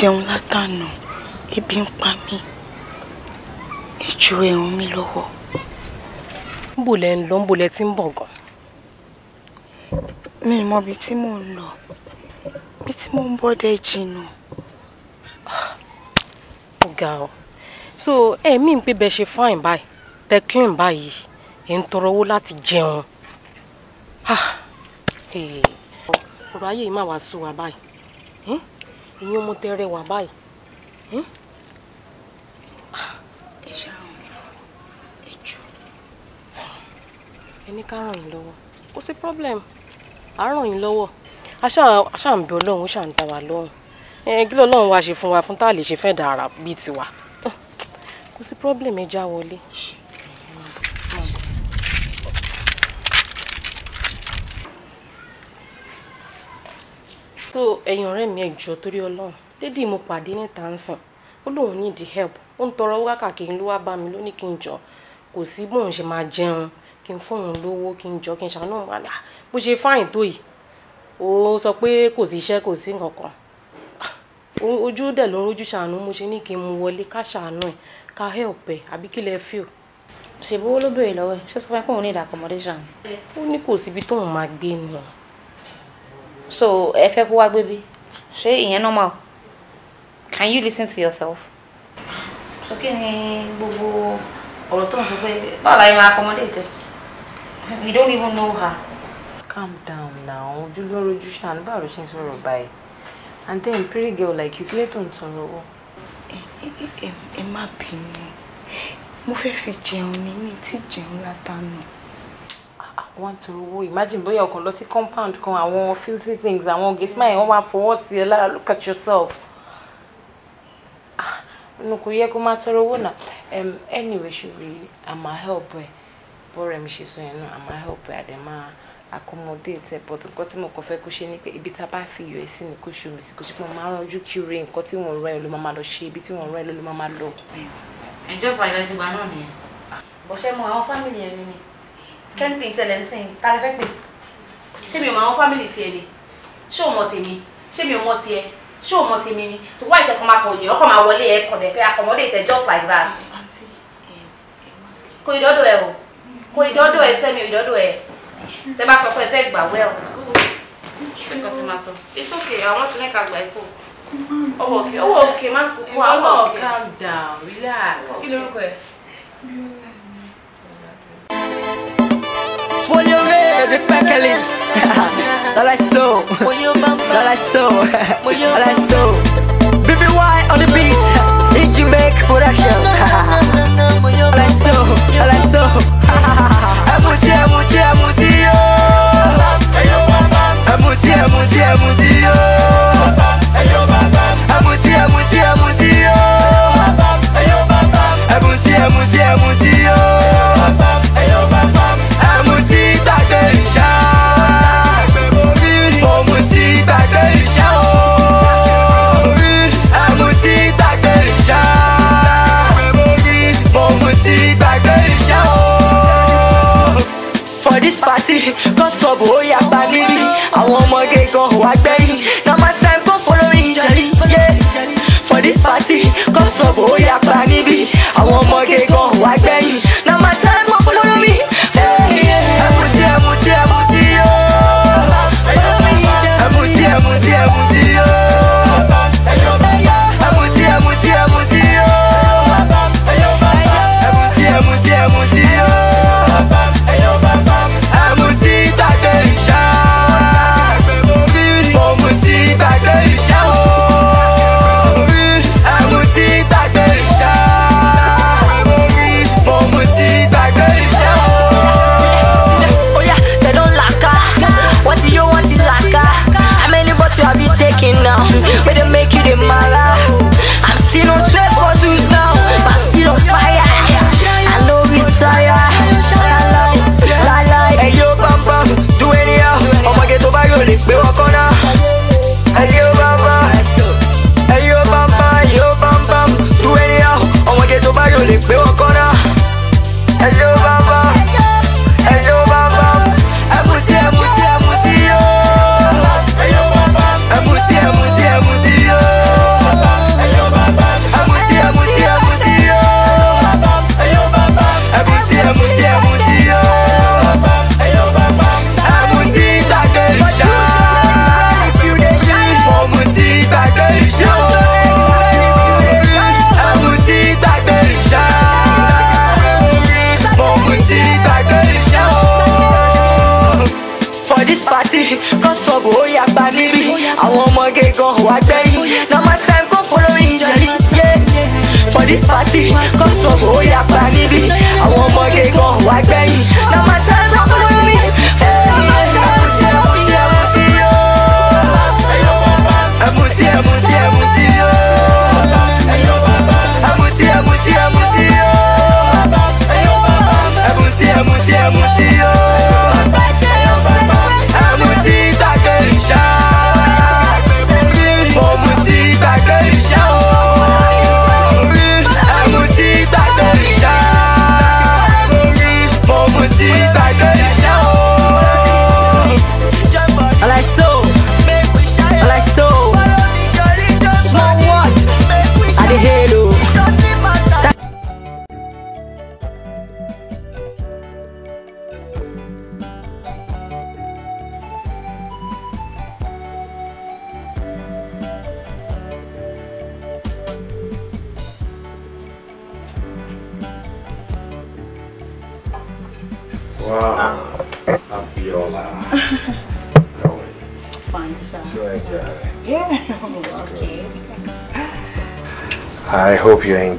jẹun látànà ebi ń pa mí ìjú ẹ̀rùn mi lọ́wọ́. níbo lẹ ń lọ níbo lẹ ti ń bọ̀ gan. mi mọ ibi tí mò ń lọ ibi tí mò ń bọ́ jìnnà. ọ̀gá o so ẹ̀mí ń pè bẹ́ẹ̀ ṣe fáìn báyìí tẹ́ báyìí ẹ̀ ń tọrọ owó láti jẹun. Ah, ọ̀rọ̀ ayé yìí má wàá sú wa báyìí ìyẹn mo tẹ rẹwà báyìí. Hm? ẹ ṣàrùn mi ẹ jù. ẹ ní ká ràn yín lọ́wọ́ kò sí problem à ń ràn yín lọ́wọ́ aṣáà ń bẹ ọlọ́run ó ṣàǹtà wà lọ́rùn kí lọ́lọ́run wá ṣe fún wa fún tá a lè ṣe fẹ́ dára bíi tiwa kò sí problem ẹ já wọlé. so ẹ̀yin ọ̀rẹ́ mi ẹjọ torí Ọlọ́run dédì mo pàdé níta ń sìn ó lóun di help ó ń tọrọ owó káàkiri ló wá bá mi lónìí kí n jọ kò sí ṣe máa jẹun kí n fóun lówó kí n jọ kí n ṣàánú wà ah, bó ṣe fáìn tó yìí ó sọ pé kò sí iṣẹ́ kò sí nǹkan ah, ojú ṣe ní kí n wọlé ká ṣàánú ẹ̀ help ẹ̀ àbí kí lẹ o. ṣèbówó ló béèrè lọ́wọ́ ẹ̀ ṣé sọ fún ẹ pé òun ní ìdàkọ̀mọ́dé ṣàánú. ó ní kò síbi so ẹ fẹ́ kó wá gbé bí ṣé ìyẹn normal can you listen to yourself. so kí ni gbogbo ọ̀rọ̀ tó ń sọ pé báwo la yẹ máa accommodate we don't even know her. calm down now ojúlóró ojú ṣàánú báwo ló ṣe ń sọ̀rọ̀ báyìí and then pretty girl like you kílẹ̀ tó ń tọrọ owó. ẹ má bínú mo fẹ́ fi jẹun ní mi tí jẹun látàánú wọ́n ń tọrọ imagine bóyá ọkàn lọ sí compound kan àwọn filthy things àwọn gate man wọ́n máa fọwọ́ sí ẹ lára look at yourself ah, nù kò yẹ kó máa tọrọ owó náà anyway ṣùgbọ́n àmà help ẹ bọ́ọ̀rẹ̀ mi ṣe sọ yẹn náà àmà help ẹ àdèmá accommodate ẹ but nǹkan tí mo kàn fẹ́ kó ṣe ni pé ibi tá a bá fi yọ ẹ sí ni kó ṣe omi sí kó ṣe pé mo máa ránjú kiri nǹkan tí wọ́n rán ẹ ló máa lọ ṣe ibi tí wọ́n rán ẹ ló máa lọ. ẹ jọ́sọ̀ àyọ̀ ẹ ti gbà náà nìyẹn bọ́sẹ̀ mo àwọn fámìlì ẹ̀ ni kẹ́ńtì ìṣẹ̀lẹ̀ ń sìn kálẹ̀ fẹ́ pè ṣé mi ò mọ àwọn fámìlì tiẹ̀ ni ṣé o mọ tèmi ṣé mi ò mọ tiẹ̀ ṣé o mọ tèmi ni so why ìtẹ̀kọ́ máa kọ̀ yìí ọkọ̀ máa wọlé ẹ̀ kọ̀ dẹ̀ pé accommodate ẹ̀ just like that kò ìdọ́dọ̀ ẹ̀ o kò ìdọ́dọ̀ ẹ̀ sẹ́mi ìdọ́dọ̀ ẹ̀ tẹ́ bá sọ pé ẹ fẹ́ gbà well it's good ṣẹ́kọ̀ tí máa sọ it's okay I want to make ẹ̀ fò owó Oh okay. Oh okay, sunkún Oh, òkè. calm down relax kí lórúkọ ẹ. your lips. All I saw. All I BBY on the beat. In Jamaica production. All I saw. All I saw. Amuti, amuti, amuti yo. Amuti, amuti, amuti yo. Amuti, amuti, amuti yo. Amuti, amuti, amuti.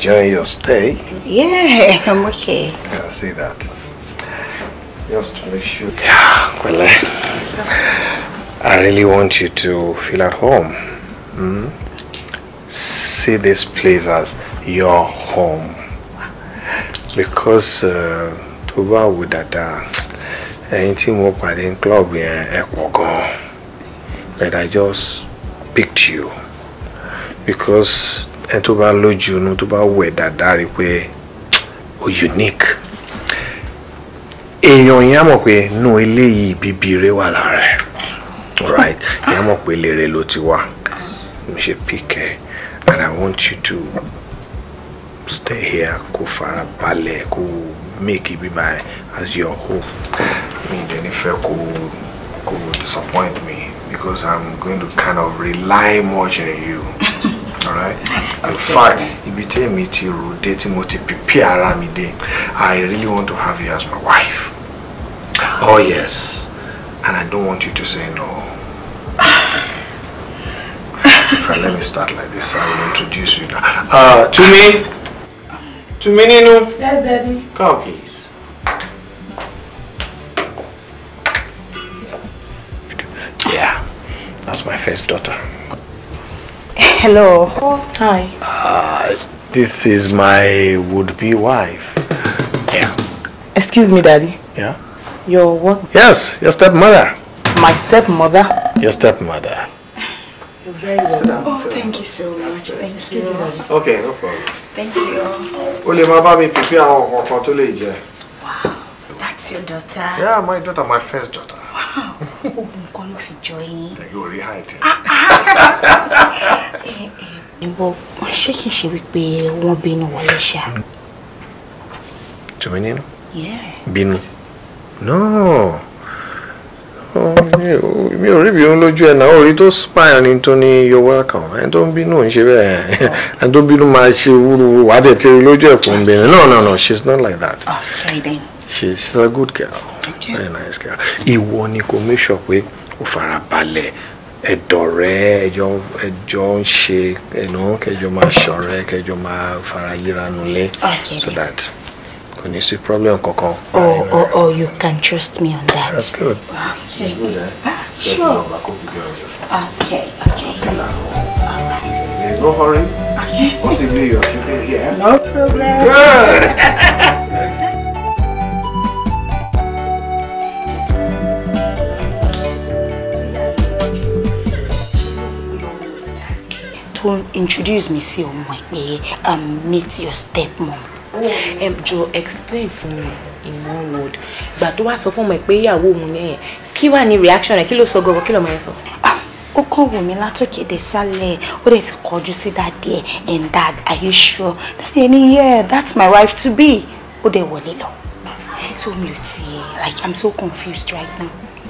enjoying your stay? Yeah, I'm okay. Yeah, I see that. Just to make sure. Yeah, well, uh, so. I really want you to feel at home. Mm? See this place as your home. Because uh, tó bá wò dáadáa, ẹ̀yin tí mo pàdé club yẹn ẹ pọ̀ gan But I just picked you because ẹ tó bá lójú inú tó bá wẹ̀ dáadáa rí pé ó unique èèyàn yẹn á mọ̀ pé nù eléyìí bíbí rẹ wà lára ẹ̀ right yẹn á mọ̀ pé lèrè ló ti wà mi ṣe pick and I want you to stay here kó fara balẹ̀ kó make it be my as your home mi dẹ̀ nífẹ̀ẹ́ kó kó disappoint me because I'm going to kind of rely much on you alright in fact ibi tí èmi me to rotate tí mo ti me, ara i really want to have you as my wife ah. oh yes and i don't want you to say no in let me start like this i will introduce you now uh, to me to me nínú yes daddy come please. Yeah, that's my first daughter. Hello. Hi. Uh, this is my would-be wife. Yeah. Excuse me, Daddy. Yeah? Your what? Yes, your stepmother. My stepmother? Your stepmother. You're very welcome. Oh, thank you so much. Thank Excuse you. Me, okay, no problem. Thank you. tó Wow, that's your daughter. Yeah, my daughter, my first daughter. oògùn kan ló fi jọ yín. yóò rí height. ìbọn ṣé kìí ṣe wípé wọ́n bínú wọlé ṣá. tùmí nínú. bínú. náà mi ò rí bí òun lójú ẹ̀ náà orí tó spy ẹni tó ní you're welcome ẹni tó ń bínú ń ṣe bẹ́ẹ̀ oh. ẹni tó bínú máa ṣe wúruwúru wàá tẹ̀ tẹ̀ lójú ẹ̀ fún un bẹ́ẹ̀ no no no she's not like that okay, then. she's a good girl thank very nice girl ìwọ ni kò make sure pé o fara balẹ̀ ẹ̀dọ̀ rẹ ẹjọ́ ẹjọ́ ń ṣe ẹ̀nà kẹjọ máa ṣọ̀rẹ́ kẹjọ máa fara yíra nulẹ̀ so that kò ní sí problem kankan. oh oh oh you can trust me on that. that's good. Ah, okay. Ah, sure. okay okay. There's no hurry. Okay. Possibly you're sleeping here. No problem. Good. kó introduce me, see, ọmọ ẹ pé um, meet your stepmom. ẹ oh. um, Joe, explain for me in one word But tó wá sọ my ọmọ a woman ìyàwó òun ni reaction ẹ kí ló sọ gọgọ kí lọmọ ẹ sọ. Ah, ó kàn wò the látòkè What is ó dẹ̀ ti kọjú sí dáadé and dad are you sure dáadé ni yeah that's my wife to be ó they wọlé lọ so mi like i'm so confused right now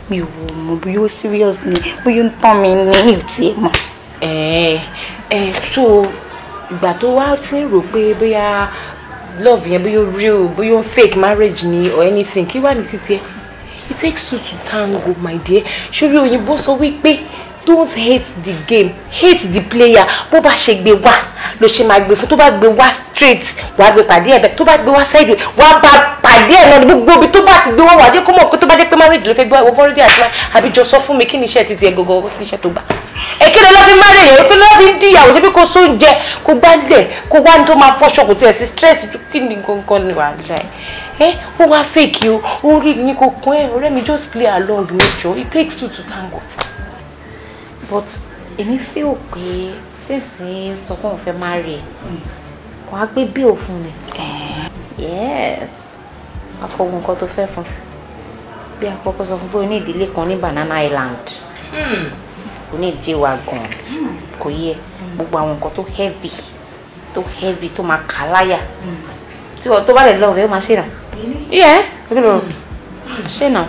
mi ò mọ bí ó serious ni bí ó ń tán ẹ eh, ẹ eh, so ìgbà tó wá ti ń rò pé bóyá love yẹn bóyá real bóyá fake marriage ni or anything kí wà ní títí ẹ it takes two to tango my dear ṣórí òyìnbó sọ wípé don't hate the game hate the player bó bá ṣe gbé wá ló ṣe máa gbé fún tó bá gbé wá straight wàá gbé pàdé ẹ̀ tó bá gbé wá side way wàá bá pàdé ẹ̀ náà gbogbo ibi tó bá ti gbé wá wàá jẹ́ kó mọ̀ pé tó bá jẹ́ pé marriage ló fẹ́ gbọ́ ìwọ bọ́ọ̀rẹ́dì àti máa àbí jọ sọ fún mi kí ni iṣẹ́ titi ẹ̀ gọ́gọ́ kí ni iṣẹ́ tó gbà. èkéde ló fi marry èyí pé ló fi ń díyàwó débi kó só ń jẹ kó gbálẹ̀ kó wá ní tó máa fọṣọ kò tiẹ̀ stress kí ni gangan ni ẹ̀ eh ó wá fake o ó rí ní kò kún ẹ ọ̀rẹ́ just play along nature it takes two to tango but èmi feel pé sínsìn sọ pé òun fẹ́ má rí ẹ wàá gbé bíò fún mi. yes akọ̀wé nǹkan tó fẹ́ fún bí àkọ́kọ́ sọ fún pé o ní ìdílé kan ní Banana Island kò hmm. ní ìdí wa gan kò yẹ gbogbo àwọn nǹkan tó heavy tó heavy tó máa kà láyà tí wọn tó bá lè lọ ọ̀rẹ́ máa ṣe nà yẹ ẹ ṣe nà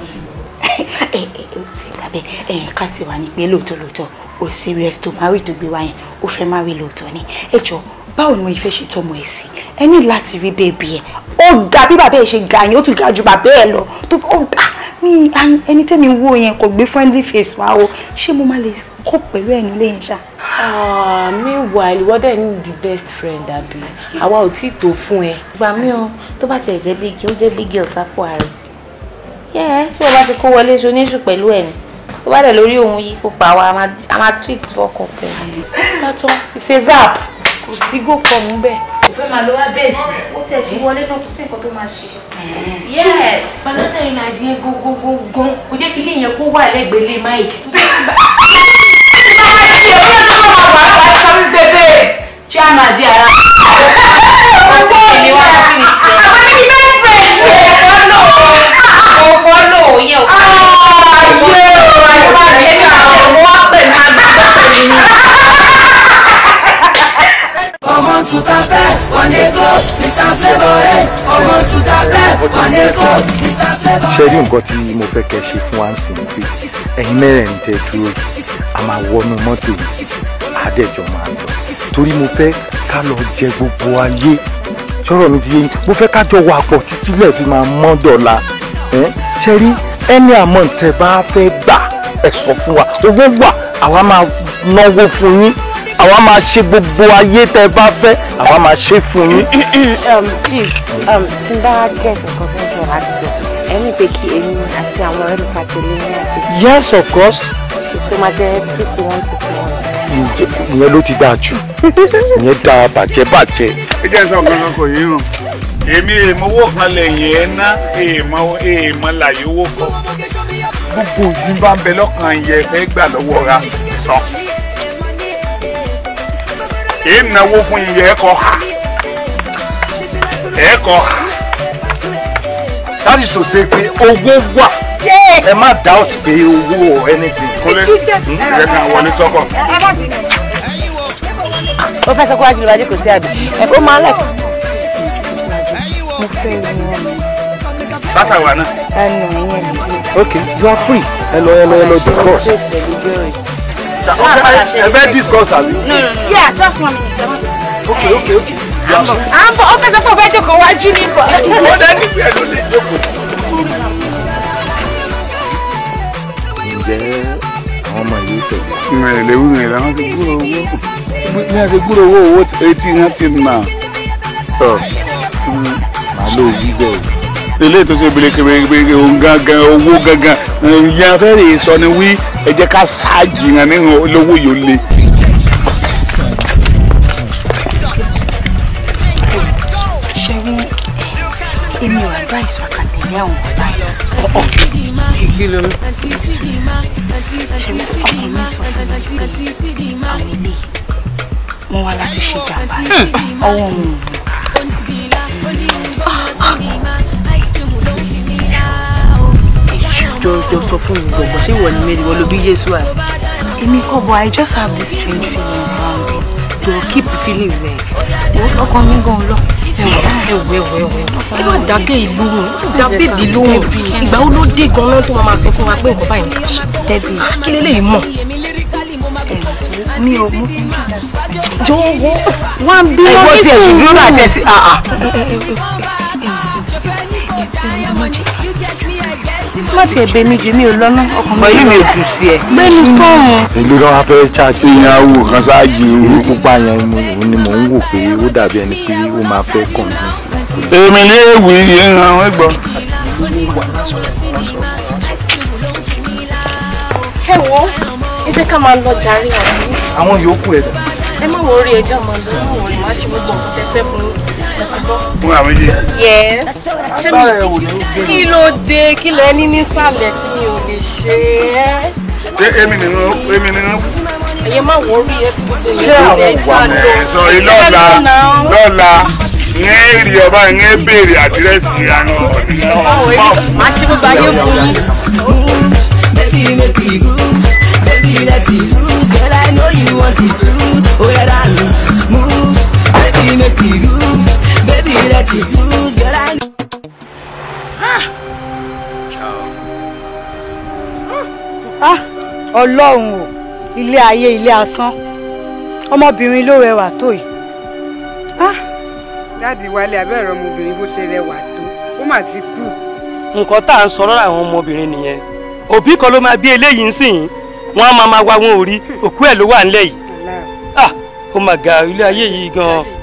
ẹ ẹ ti bẹ́ẹ̀ ẹ̀yìn ká ti wà ní pé lóòótọ́ lóòótọ́ o serious tó marry to gbé wá yẹn ó fẹ́ marry lóòótọ́ ni ẹ jọ báwo ni mo fẹ́ ṣe tọmọ ẹ sí ẹ ní láti rí bébí ẹ ó ga bí bàbá ẹ ṣe ga yẹn ó ti ga ju bàbá ẹ lọ tó ó ga mi ẹni tẹ́mi wo yẹn kò gbé friendly face wá o ṣé mo máa lè kó pẹ̀lú ẹ̀yìn ilé yẹn ṣá. Ah, meanwhile what dẹ̀ ní the best friend àbí àwa ò tí ì tó fún ẹ. gbà mí o tó bá tiẹ̀ jẹ́ big ó jẹ́ big girl sápò ààrẹ yẹ́ẹ́ tí wọ́n bá ti kó wọlé ṣoníṣù pẹ̀lú ẹ̀ ni tó bá dẹ̀ lórí òun yìí kó pa wa a máa treat fọkàn pẹ̀lú. lọ́tọ́ ìṣe rap kò sí gòkò mú bẹ́ẹ̀. ìfẹ́ máa lọ wá bẹ́ẹ̀sì. ó tẹ̀ sí wọlé náà kó sí nǹkan tó máa ṣe. yes. banana yìí náà dín gógógógó kò jẹ́ kí ilé yẹn kó wà lẹ́gbẹ̀ẹ́ lé mike. chairman di ara. Àti ìní wa ló fìlì sí. Àwọn ní best friend. Mo fọ́lọ̀ yẹ o. Ayé. 我把你搞，我等他等你。Come on to the bed, one day the bed, one day go, Mr. Flavor. rí nǹkan tí mo fẹ́ kẹ́ ṣe fún àǹsì ni pé ẹ̀yin mẹ́rẹ̀ẹ̀rin tẹ dúró a máa wọnú mọ́tò yìí àádẹ́jọ́ máa lọ torí mo fẹ́ ká lọ jẹ gbogbo ayé sọ̀rọ̀ mi ti yé yín mo fẹ́ ká jọ wà pọ̀ títí lẹ̀ fi máa mọ́ dọ̀la ṣe rí ẹni àmọ́ tẹ bá fẹ́ gbà ẹ sọ fún wa owó wà àwa máa náwó fún yín àwa máa ṣe gbogbo ayé tẹ bá fẹ́ àwa máa ṣe fún yín. Um, um, ẹni pé kí èmi àti àwọn ọ̀rẹ́ mi pàtẹ́lẹ́ ní àti. yes of course. ètò máa jẹ two to one to two ìyẹn ló ti dáa jù ìyẹn dáa bàjẹ́ bàjẹ́. ẹ jẹ́ sọ kankan kò yí èmi èèmọ̀ owó kan lè yẹn ná èèmọ̀ èèmọ̀ làyè owó kan gbogbo òyìn bá ń bẹ lọ́kàn yẹ fẹ́ gbà lọ́wọ́ ra sọ. èé fún iye ẹ̀kọ́ ha ẹ̀kọ́ ha láti tó ṣe pé owó wà ẹ má dá pé owó anything. kúnlẹ̀ ẹ kàn wọlé sọ́kọ̀. ó fẹ́ sọ pé wájú ló wájú kò sí àbí ẹ̀kọ́ máa ń lẹ̀. sátà wà náà. ẹnu ìyẹn okay you are free Hello, hello, ẹ lọ ẹ Okay, discuss. ẹ ah, fẹ́ eh, eh, eh, discuss àbí. no no no yeah just one minute. okay okay okay. à ń bọ̀ ó fẹ́ sọ pé ó fẹ́ jókòó wájú ní bọ̀. ó dẹ́ni pé ẹ ló lè jókòó. ǹjẹ́ àwọn ọmọ yìí tẹ̀lé. ìrìn lè wúrin ìlànà ti gbúrò owó ní àti gbúrò owó owó etí wọn ti nà. màá lò wí bẹ́ẹ̀ eléyìí tó ṣe bèrè kébèrè gangan owó gangan ìyẹn fẹ́ sọ ni wí ẹ ká ṣáàjì hàn nínú olówó yìí ó le. ṣẹ́gun èmi ò ṣe jàmbá ọwọ́ wọn jọ sọ fún mi gbọ̀ngàn ṣé ìwọ ni mary wọ́n ló bí Jésù àná. èmi kọ́ bọ̀ I just have this strange feeling around me to keep feeling there. ọkọ mi gan lọ ẹwọ dàgé ìlú rò dàbèbí lóhùn ìgbà wo ló dé ganan tó máa sọ fún wa pé nǹkan báyìí nǹkan ṣe tẹbi kí lélẹyìí mọ. mi ò mú jọ̀wọ́ wá ń bí wọn ní sùúrù. ẹ̀gbọ́n tiẹ̀ ti dúró àti ẹ̀ ti. Ah, ah má tiẹ̀ bẹ mi jù mí ò lọ́nà ọkàn mi. mi ò dùn sí ẹ. gbẹ́ni fọ́ọ̀n. ìlú kan wá fẹ́ ṣáàtì ìyàwó kan ṣáàjì irú pupa yẹn ni mò ń wò pé ó dàbí ẹni pé ó máa fẹ́ kàn mí. èmi ní èwì yẹn ń hàn ẹgbọn. ẹ wo ẹ jẹ́ ká máa lọ jàre àbí. àwọn yòókù ẹ̀dá. ẹ má wọrí ẹjọ́ máa lọ ẹ má wọrí ṣe gbogbo nǹkan tẹ́ fún fún àwọn ilé. yẹ ṣé mi kí ló dé kí lẹ ní nísàlẹ̀ tí mi ò lè ṣe é. ṣé èmi nínú èmi nínú. ẹyẹ má wọ orí ẹ tó tó yẹ kó lè jáde. sọ ilọ́la lọ́la ń rí ọba ń béèrè àdírẹ́sì àwọn ọ̀nà. máa ṣe gbogbo ayé bu. Baby, make we groove. Baby, let it loose. Girl, I know you want it too. Oh yeah, dance, move. Baby, make we groove baby that is blues, girl. I know. Ah! ah, Ọlọ́run o, ilé ayé ilé asán, ọmọbìnrin ló rẹwà tó yìí. Ah. Dáàdi Wálé abẹ́rẹ́ ọmọbìnrin bó ṣe rẹwà tó, ó mà ti kú. Nǹkan tá à ń sọ lọ́rọ̀ àwọn ọmọbìnrin nìyẹn. Òbí kan ló máa bí eléyìí ń sìn, wọ́n á máa máa wá wọn ò òkú ẹ̀ ló wà nílẹ̀ yìí. Ah, ó mà ga ilé ayé yìí gan-an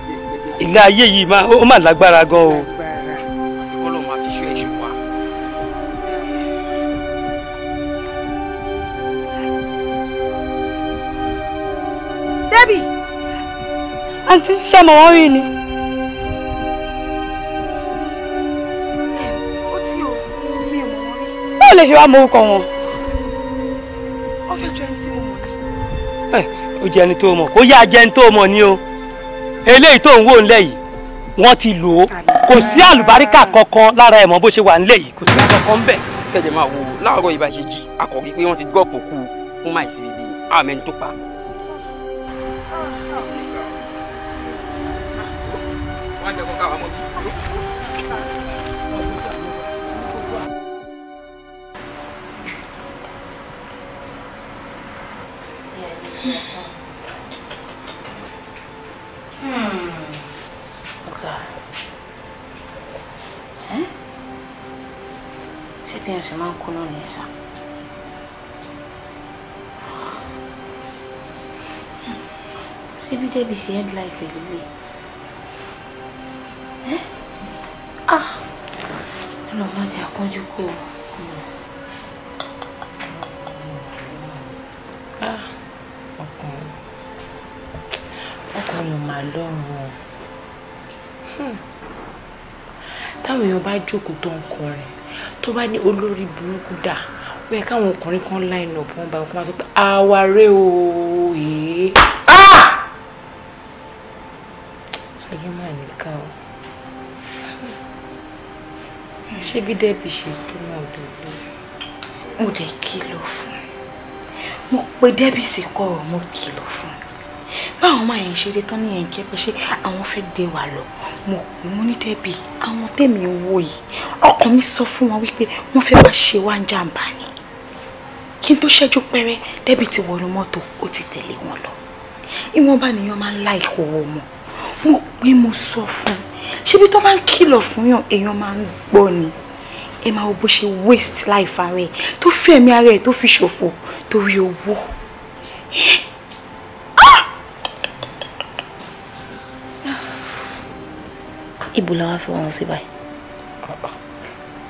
ilé ayé yìí máa ó máa lágbára gan o. kọ́lọ̀ máa fi ṣe ẹ̀ṣọ́ wa. débì àǹtí ṣé mo wọ́n rí ni. báwo lè ṣe wá mọ orúkọ wọn. ó fẹ́ jẹ́ ẹni tí mo mọ̀ ní. ó jẹ́ ẹni tó mọ̀ ó yá jẹ́ ẹni tó mọ̀ ni o eléyìí tó ń wò ńlẹ̀ yìí wọ́n ti lò ó kò sí àlùbáríkà kankan lára ẹ̀mọ́ bó ṣe wà ńlẹ̀ yìí kò sí kankan bẹ́ẹ̀. kẹ̀jẹ̀ máa wo láàárọ̀ ìbá ṣe jí akọ̀rí pé wọ́n ti gbọ́ òkú fún máa ìsinmi bíi àmẹ́ni tó pa. Yes. bí èèyàn ṣe máa ń kú náà nìyẹn sá. síbi débi ṣe end life ẹ̀ lélẹ̀ ẹ́ ah ọlọ́mọ ti àpọ́njú kú o. Ah! ọkùnrin mà lọ́rùn o hmm. táwọn èèyàn bá jókòó tó ń kọrin tó bá ní olórí burúkú dà ó yẹ káwọn ọkùnrin kan line up wọn bá máa sọ pé àwárẹ̀ o èé. ayé ah! máa ní ká o ṣé bí dẹ́bi ṣe tó náà dòdò. mo dé kìlọ̀ fún mo pe dẹ́bi sí kọ́ ọ mo kìlọ̀ fún un báwọn ọmọ yẹn ṣe dé tán ní ẹ̀ǹkẹ́ pé ṣé àwọn fẹ́ gbé wa lọ mo pè mo ní tẹ́bi àwọn tẹ̀mí wo yìí ọkàn mi sọ fún wọn wípé wọ́n fẹ́ wá ṣe wá ń jàǹbá ni kí n tó ṣẹ́jú pẹ́rẹ́ débi ti wọnú mọ́tò ó ti tẹ̀lé wọn lọ ìwọ̀nba nìyẹn máa ń la ìkòwò mọ́ mo pé mo sọ fún ṣebí tó máa ń kìlọ̀ fún yàn èèyàn máa ń gbọ́ ni ẹ máa wo bó ṣe waste life ara ẹ tó fi ẹ̀mí ara ẹ tó fi ṣòfò torí owó ibo la wá fi wọn sí báyìí.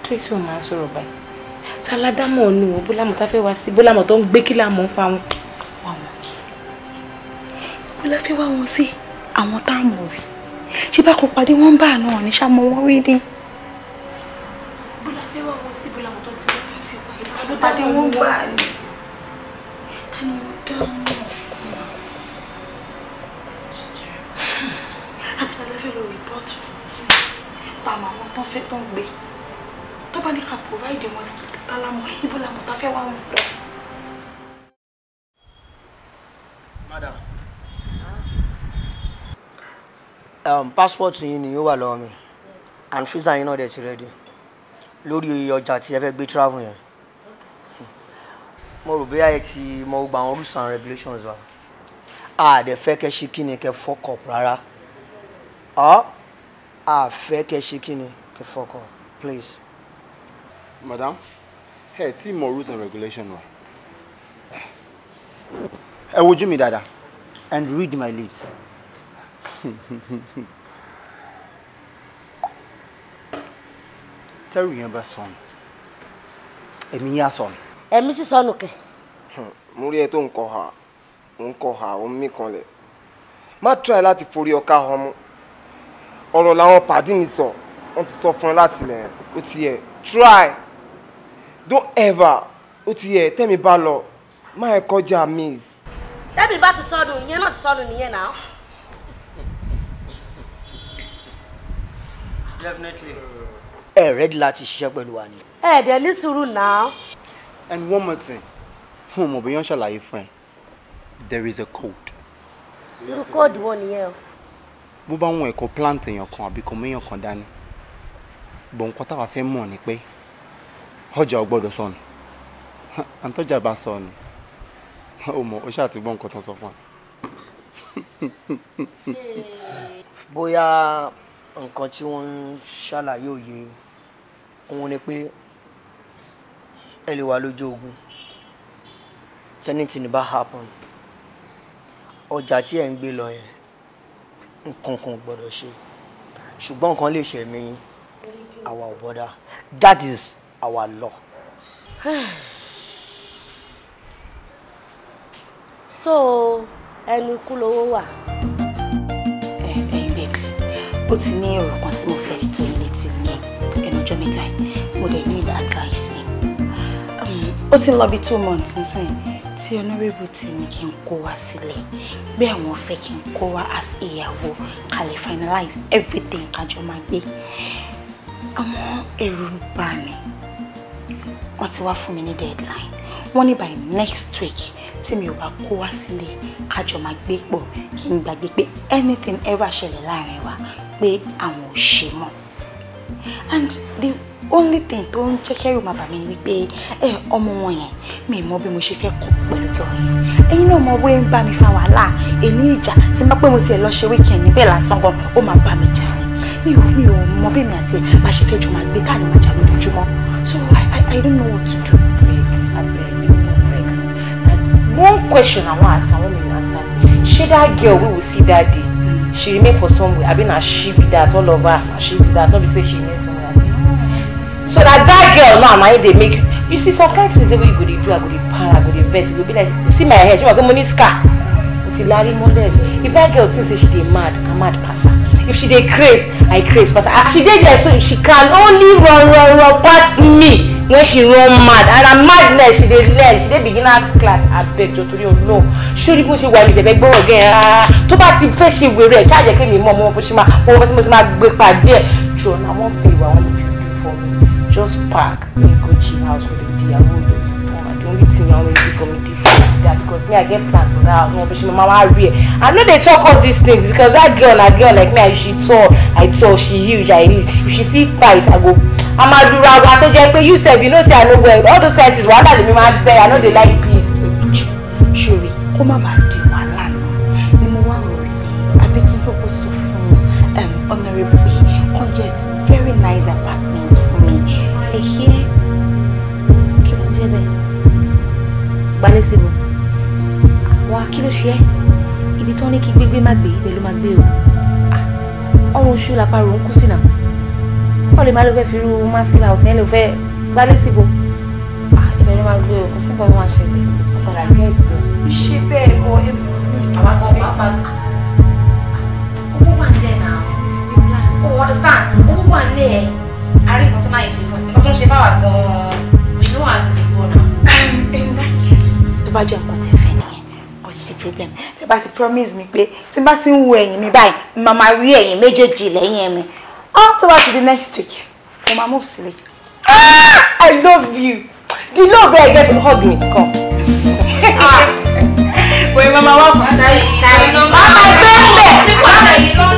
kílísì ò máa ń sọ̀rọ̀ báyìí sáládámọ̀ ọ̀nù o bólámọ̀ tá a fẹ́ wá sí bólámọ̀ tó ń gbé kí láàmú pa wọn. wọn kí bó wá wọn sí àwọn tá a mọ̀ rí ṣé bá kò pàdé wọn bá àná ọ̀ní ṣá mọ wọn rí ni. bó la fẹ́ wá wọn sí bólámọ̀ tó ti wá ìlú pàdé wọn bá àná. pa àmọ́ àwọn tó ń fẹ́ tó ń gbé tó bá ní ká provide wọn tálámọ̀ ibo làwọn tá fẹ́ wá wọn madam. Um, passport in ni yóò wà and visa yìí náà dẹ̀ ti ready lórí ọjà tí ẹ fẹ́ gbé travel yẹn mo rò bóyá ẹ ti mọ gbogbo àwọn rules and regulations wa a dẹ̀ fẹ́ kẹ́ ṣe kí fuck up, rara. rárá àfẹ́ kẹ́ ṣe kí ni kẹ́ fọkọ̀ please. madam ẹ tí mọ rules and regulations wa ẹ wojú mi dada, and read my lips. tẹ́rù yẹn bá sọnù èmi yá sọnù. ẹ̀mí sì sọnù kẹ. Hmm, mo rí ẹ tó ń kọ ha ń kọ ha ó ń mí kanlẹ̀ má try láti forí ọkà hàn ọ̀rọ̀ làwọn pàdé mi sọ wọ́n ti sọ fún ẹ láti lẹ̀ ó ti yẹ try don't ever ó ti yẹ tẹ́mi bá lọ má ẹ kọjá maze. tẹ́mi bá ti sọnù ìyẹn náà ti sọnù nìyẹn náà. definitely. ẹ rẹ́dí láti ṣiṣẹ́ pẹ̀lú wa ni. ẹ dẹ̀ ní sùúrù náà. and one more thing fún ọmọ bí yẹn ṣàlàyé fún ẹ there is a code. irú kóòdù wo nìyẹn o bó bá wọn ẹ̀kọ́ plant èèyàn kan àbí kò méèyàn kan dání bọ̀ nǹkan táwa fẹ́ mọ̀ ni pé ọjà ò gbọ́dọ̀ sọnù àǹtọ́jà bá sọnù ó mọ̀ ó ṣáà ti gbọ́ nǹkan tó sọ fún wa. bóyá nǹkan tí wọ́n ń ṣàlàyé òye òun ni pé ẹ lè wà lójú ogun anything bá happen ọjà tí ẹ̀ ń gbé lọ yẹn nǹkan kan ṣe ṣùgbọ́n nǹkan lè ṣe mí our border that is our law. so ẹnu ikú lowó wà. ẹyin baby ó ti ní ọ̀rọ̀ kan tí mo fẹ́ tó yín létí ní ẹnu ọjọ́ mẹ́ta mo dẹ̀ ní ìdá advice. Um, ó ti ń lọ bí two months nísìnyí tí honorable ti ní kí n kó wá sílé bí àwọn fẹ́ kí n kó wá as ìyàwó ká lè finalize everything kájọ máa gbé àmọ́ ẹ̀rù ń bà mí wọ́n ti wá fún mi ní deadline wọ́n ní by next week tí mi ò bá kó wá sílé kájọ máa gbé pọ̀ kí n gbàgbé pé anything ever ṣẹlẹ̀ láàrin wa pé àwọn ò ṣe mọ́ and the only thing tó ń jẹ́ kẹ́rù máa bà mí ni wípé ẹ ọmọ wọn yẹn mi mọ bí mo ṣe fẹ́ kọ pẹ̀lú kí ọyẹn ẹyin náà mọ owó ń bá mi fa wàhálà èmi ìjà tí n bá pé mo tiẹ̀ lọ ṣe wíkẹ̀ níbẹ̀ lásán gan ó máa bá mi jà mi ò mi ò mọ bí mi àti máa ṣe fẹ́ jọ máa gbé káàní máa jà lójoojúmọ́ so I, I, don't know what to do. one question I wan ask I wan make answer me shey that girl wey we see that day she remain for somewhere abi na she be that all of her na she be that no be say she so that that girl now na him dey make you see some kind things wey you go dey do i go dey para i go dey vex e go be like you see my hair ṣé wọn pé mo ní scar mo ti lárí mọ́lẹ̀ if that girl think say she dey mad i mad pass her if she dey craze i craze pass her as she dey there so she can only run run run pass me when she run mad and her madness she dey learn she dey beginners class abeg jọ torí olóò sórí bó ṣe wà ní ìṣẹ̀fẹ̀ gbọ́rọ̀ gẹ́ ẹ̀ rárá tó bá ti fẹ́ ṣe wèrè ẹ̀ ṣáàjẹ́ kí mi mọ̀ mọ́ bó ṣe máa wọ́n bó ṣe máa gbé pàdé ẹ̀ jọ̀ọ́ làwọn fẹ́ ìwà wọn lójú just park make go chill house for the day i wan do it the only thing i wan do for me this year be that because me i get plans for that house but she my mama I rear i know they talk all these things because that girl na girl like me and she tall i tall she huge i huge if she feel fight i go amadura do tó I told you I pay you You know say i know where all those fences wahala lèmi máa ń bẹ i know they like peace. sori Come on, man. gbalẹ̀ síbo Wa kí ló ṣe é ibi tán ní kí gbégbé má gbé ibẹ̀ ló má gbé o ah, ọrùn oṣù làpárò ń kú sínà wọ́n lè má ló fẹ́ fi irú másílà ọ̀sẹ̀ yẹn ló fẹ́ gbalẹ̀ síbo ah, ibẹ̀ ló má gbé o kò sí nǹkan tó máa ṣẹlẹ̀ ọ̀rọ̀ àgẹ́ẹ̀tì o. ṣé bẹ́ẹ̀ ọ ẹ àwọn kan máa bá owó wà ń lẹ̀ náà ó oh, wọ́n understand owó wà ń lẹ̀ àárín kan tó máa yẹ ṣe fún mi kan tó ń ṣe báwa gan-an. bá jẹ́ nǹkan tẹ́ fẹ́ nìyẹn kò sí problem tẹ́ bá ti promise mi pé tí bá ti ń wo ẹ̀yìn mi báyìí mo máa rí ẹ̀yìn méjèèjì lẹ́yìn mi up to about the next week mo máa move sílẹ̀ ah i love you the love i get from hug me come. Ah! Wait, mama, what? Mama, I don't know.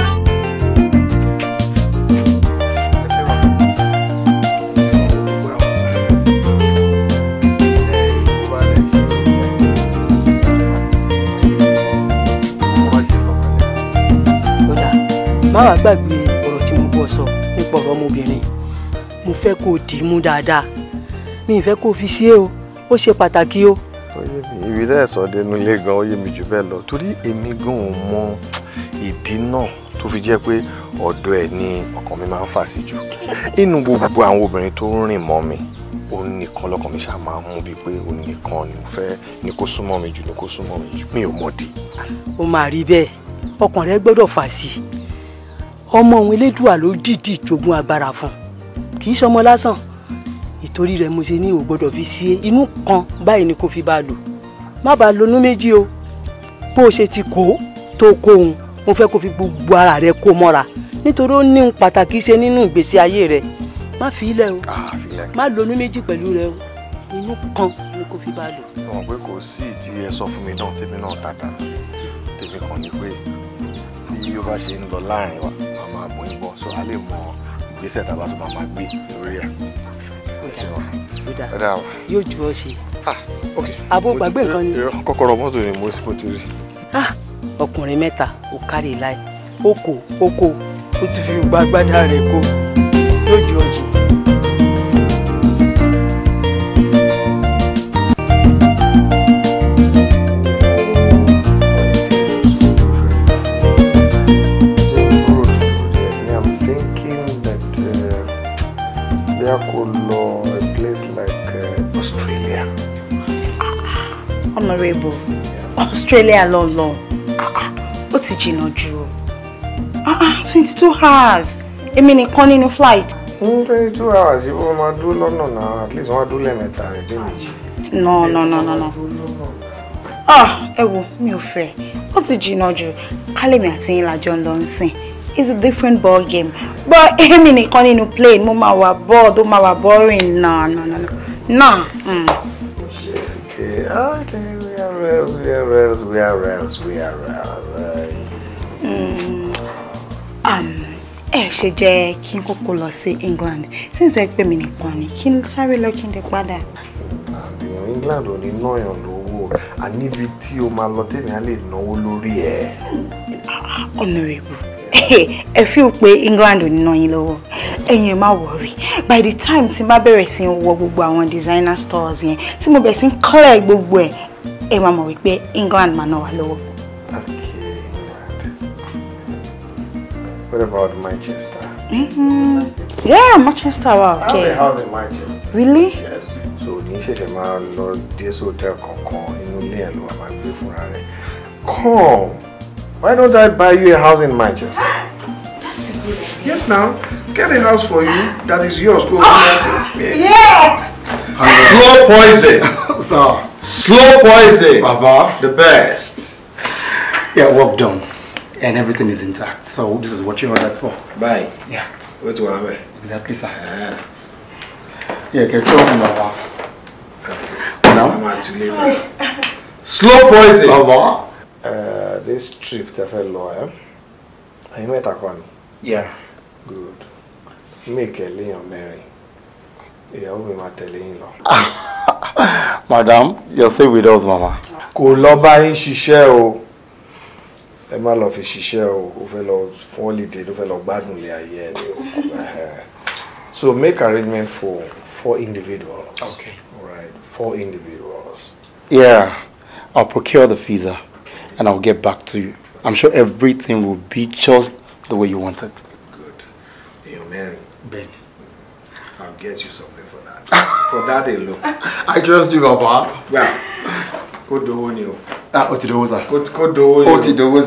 má wàá gbàgbé ọ̀rọ̀ tí mo bọ̀ sọ nípa ọ̀rọ̀ ọmọbìnrin mo fẹ́ kó o dì í mú dáadáa mi ì fẹ́ kó o fi sí e o ó ṣe pàtàkì o. ó yé mi ìwé dẹ́ sọ dénú ilé gan ó yé mi jù bẹ́ẹ̀ lọ torí èmi gan ò mọ ìdí náà tó fi jẹ́ pé ọ̀dọ̀ ẹ̀ ni ọkàn mi máa ń fà sí jù nínú gbogbo àwọn obìnrin tó ń rìn mọ́ mi òun nìkan lọ́kàn mi ṣáà máa ń mú bíi pé òun nìkan ni mo fẹ́ ni kó súnmọ́ mi jù ni kó súnmọ́ mi jù mi ò mọ̀ dì. ó máa rí bẹ́ẹ̀ ọkàn rẹ gbọ́dọ̀ fà sí i ọmọ òun elédùà ló dìdì jogún agbára fún un kì í ṣọmọ lásán ìtorí rẹ̀ mo ṣe ní ò gbọ́dọ̀ fi sí inú kan báyìí ni kò fi bá a lò má bàa lonú méjì o bó o ṣe ti kó tó kó òun mo fẹ́ kó fi gbogbo ara rẹ̀ kó mọ́ra nítorí ó ní pàtàkì ṣe nínú ìgbésí ayé rẹ̀ má fi ilẹ̀ o ah, má lonú méjì pẹ̀lú rẹ̀ o inú kan ni kò fi bá a lò. ọmọ pé kò sí ìtì ẹ sọ fún mi náà tèmi náà tàtà tèmi kàn ní pé bí yóò bá ṣe ń lọ láàrin wa máa mú ìbọn so a lè mọ ìgbésẹ̀ tá tó máa gbé lórí ẹ̀. ó dà yóò ju ọ ṣe. àbó gbàgbé nǹkan ni. kọ́kọ́rọ́ mọ́tò ni mo ti rí. ọkùnrin mẹ́ta ò kárí láì oko oko ó ti fi gbàgbádá rẹ̀ kó yóò ju ọ ṣe. Australia lọ lọ ó ti jìnnà jù ah, twenty two hours èmi nìkan nínú flight. twenty two hours yìí wọ́n máa dúró lọ́nà náà at least wọ́n á dúró lẹ́ẹ̀mẹ́ta ẹ̀dẹ́ méjì. no no no no no ah ẹ wo mi ò fẹ́ ó ti jìnnà jù kálẹ̀mí àti yín lájọ ń lọ ń sìn it's a different ball game but èmi nìkan nínú plane mo máa wà bored ó máa wà boring na na na na. okay rares, rare rares, rare rares, rare rares. Hmm. Um, ẹ ṣe jẹ́ kí n kókó lọ sí England since ẹ pè nìkan ni kí n sáré lọ kí n lè padà. àbíyàn England ò ní náyàn lówó àníbi tí o máa lọ tèmi á lè náwó lórí ẹ. honourable ẹ fi hàn pé England ò ní ná yín lọ́wọ́ ẹ̀yin ẹ má wọ̀rí by the time tí n bá bẹ̀rẹ̀ sí í wọ gbogbo àwọn designer stores yẹn tí mo bẹ̀rẹ̀ sí í clear gbogbo ẹ̀ ẹ máa mọ̀ wípé England máa ná wa lọ́wọ́. What about Manchester? Mm-hmm. Yeah, Manchester wow, okay. I have a house in Manchester. Really? Yes. So ní ṣẹ̀ṣẹ̀ máa lọ dé sóòtẹ́ kankan inú ilé ẹ̀ ló wà máa gbé Come, why don't I buy you a house in Manchester? That's a good idea. Yes now, get a house for you that is yours. Go. Oh, yeah. Slow poison. Sir. Slow poison. Baba. The best. Yeah, work done. And everything is intact. So this is what you ordered for. Bye. Yeah. What do I have? Exactly, sir. Uh-huh. Yeah. Yeah, your throw me Now? I'm at Slow poison. Baba. Uh, this trip to a lawyer. Are you met a Yeah. Good. Make a Leon Mary. ìyàwó mi máa tẹ̀lé yín lọ. madam you're safe with us mama. kò lọ bá yín ṣiṣẹ́ o ẹ má lọ fi ṣiṣẹ́ o ó fẹ́ lọ fún holiday ló fẹ́ lọ gbádùn ilé ayé ẹ ni o so make arrangement for four individuals. okay alright, four individuals. yeah I'll procure the visa and I'll get back to you. I'm sure everything will be just the way you want it. Good. You're married. Ben get you something for that. for that alone. I trust you, Baba. Well, kó dowó ni o. Ah, ó ti dowó sà. Kó dowó ni o. Ó ti dowó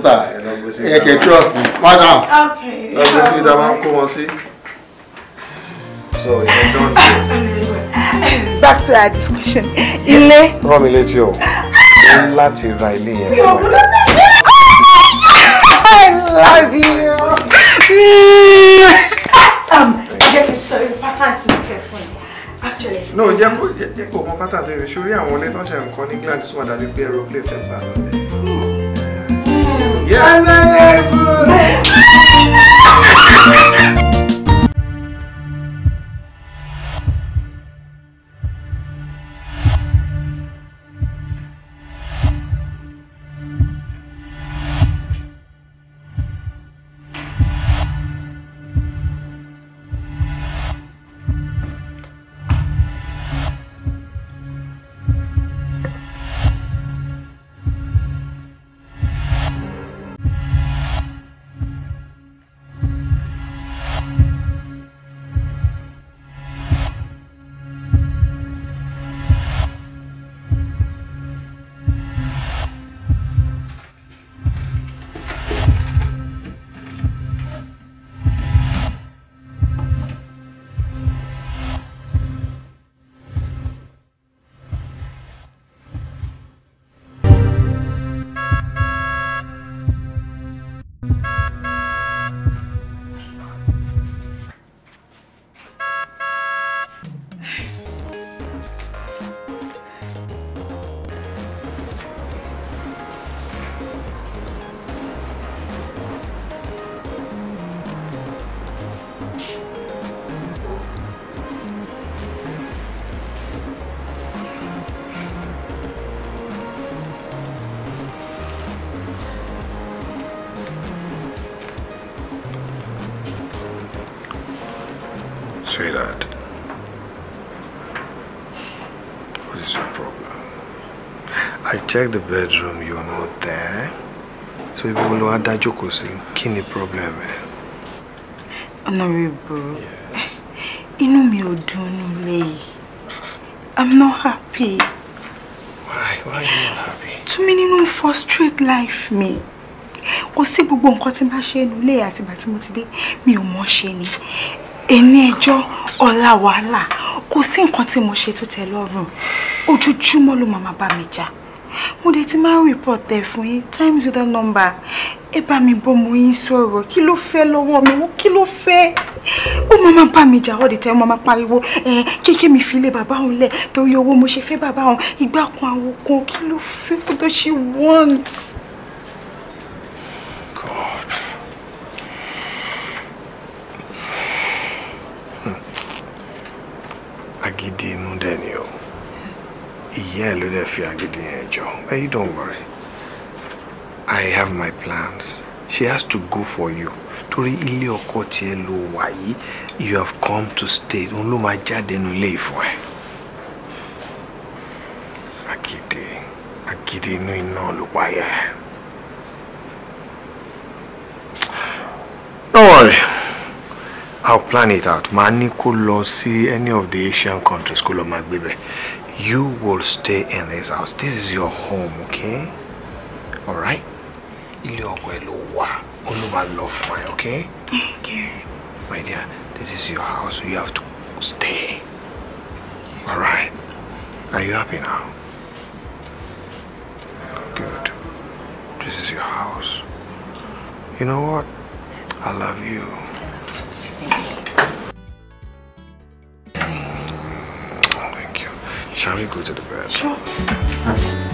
trust me. Madam. Okay. Lọ gbèsè ìdámá kó wọn sí. So, ìyẹn dán Back to our discussion. Ilé. Rán let you. o. Láti ra ilé I love you. um, jẹ́ kí n sọ irú actually. no jẹ́ kó jẹ́ kó mọ pátán tó yẹ sórí àwọn ilé tó ń ṣe nǹkan ní england tó wà dàbí pé aeroplane fẹ́ gbà lọ bẹ́ẹ̀. ọmọ rẹ̀ I checked the bedroom, you are not there. So if you want wá dá jókòó sí, What's the problem Honorable, yes. inú mi ò dùn I'm not happy. Why? Why are you not happy? Túnmí nínú frustrate life me? Kò sí gbogbo nǹkan tí n bá ṣe nílé àtìgbà tí mo ti dé, mi ò mọ̀ ṣe ni ẹni ẹjọ́ ọ̀la wàhálà kò sí nǹkan tí mo ṣe tó tẹ́ lọ́rùn ojoojúmọ́ ló máa bá mi jà mo dẹ̀ ti máa report ẹ̀ fún yín times with that number ẹ bá mi bọ́ mo yín sọ̀rọ̀ kí ló fẹ́ lọ́wọ́ mi kí ló fẹ́ ó máa máa bá mi jà ọ́ dìtẹ́ ó máa máa pariwo ẹ kéèké mi fi lé bàbá òun lẹ̀ torí owó mo ṣe fẹ́ bàbá òun ìgbà kan àwọn kan kí ló fẹ́ kó tó want. Yeah, ẹ̀ ló getting a job, yẹn but you don't worry I have my plans she has to go for you torí ilé ọkọ tiẹ̀ ló you have come to stay òun ló denu jáde nu ilé ìfọ̀ ẹ̀. agídí agídí inú iná ló don't worry I'll plan it out Mani ní kó lọ any of the Asian countries kó lọ máa you will stay in this house this is your home okay all right ilé ọkọ ẹ ló okay okay my dear this is your house you have to stay all right are you happy now good this is your house you know what i love you Thank you. Shall we go to the bed? Sure.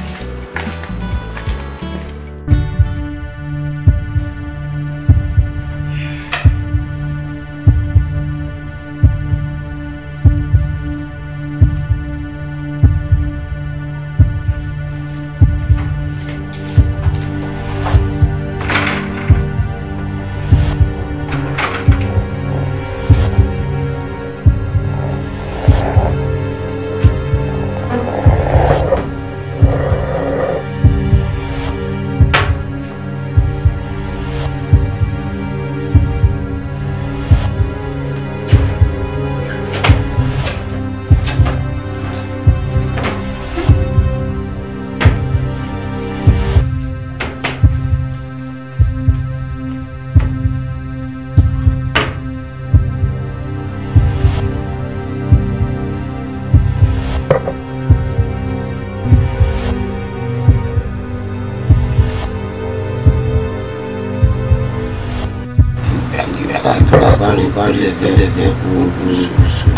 lẹ́gbẹ̀lẹ́gbẹ̀ gbogbo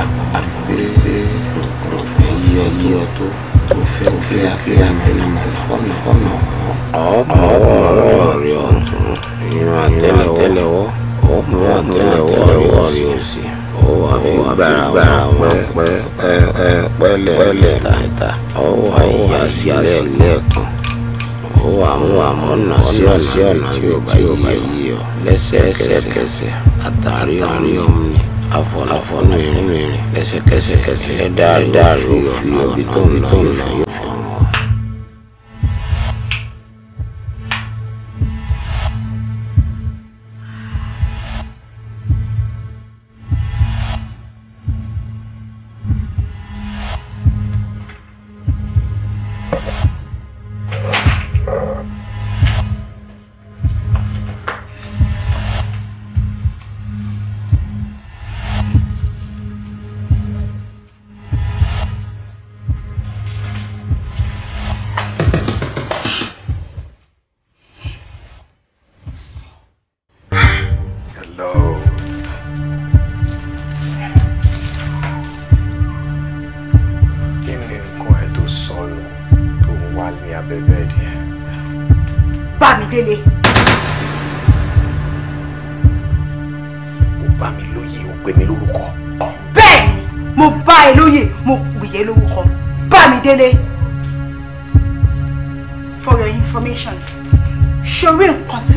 àpapọ̀ pé ọ̀pọ̀ iye ọ̀tọ̀ tó tó fẹ́ fẹ́ àfihàn ọ̀nà ọ̀nà ọ̀rọ̀ rẹ̀ ọ̀tún ìran àtẹ́lẹwọ́ ọ̀pọ̀ àtẹ́lẹwọ́ rẹ̀ òsì ọwọ́ àfigbára wọn pẹ́lẹ̀ tàìta ọwọ́ àyíyá sí lẹ́ẹ̀kan ọwọ́ àwọn àmọ́nà sí ọ̀nà tí ò bá yí ọ lẹ́sẹ̀kẹsẹ̀ àtàrí ọmọ ni àfọ̀nàfọ̀nà ìrìnrìn lẹ́sẹ̀kẹsẹ̀ ẹ̀dá rẹ̀ ó fi ọ̀nà tó ń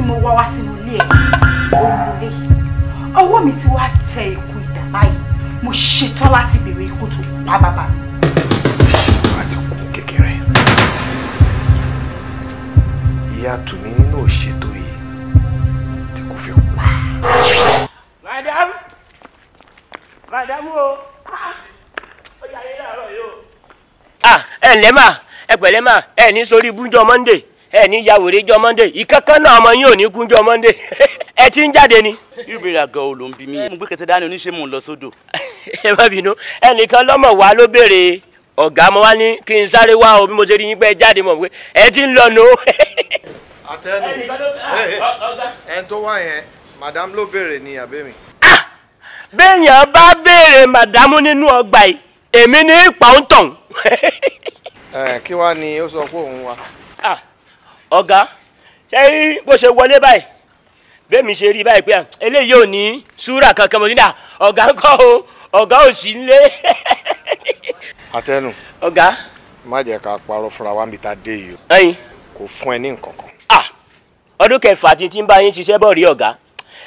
tí mo wá wá sínú ilé ẹ̀ olùlé ọwọ́ mi ti wá tẹ ikú ìdá báyìí mo ṣetán láti béèrè ikú tó pa bàbá ìyá tùmí nínú òṣètò yìí tí kò fi pa. madam madam o ó yà á yé láàárọ̀ yìí o. Ah, ẹ ǹlẹ́ mà ẹ pẹ̀lẹ́ mà ẹ ní sórí ibú Monday. ẹ ní ya wèrè jọ náà ọmọ yín ò ní jọ ni. ìbéèrè àgọ́ ò ló ń bí mi. mo gbé kẹtẹ dání oníṣẹ́ mò ń lọ sódò. ẹ má bínú ẹnìkan lọ́mọ̀ wá ló béèrè ọ̀gá mo wá ní kí n sáré wá o bí mo ṣe rí yín pé ẹ jáde mọ̀ pé ẹ ti ń lọ nù. àtẹnu ẹni tó wá yẹn ló béèrè ni mi ah! béèyàn bá béèrè madam nínú ọgbà yìí èmi ní ẹ kí ni ó sọ òun ọ̀gá ṣé bó ṣe wọlé báyìí bẹ́ẹ̀mi ṣe rí báyìí pé eléyìí ò ní súrà kankan mo ní dà ọ̀gá ń kọ́ o ọ̀gá ò sí nílé. atẹnu ọ̀gá. má jẹ́ ká parọ́ fúnra wa níbi tá a dé yìí o kò fún ẹ ní nǹkan kan. ọdún kẹfà tí tí ń bá yín ṣiṣẹ́ bọ̀ rí ọ̀gá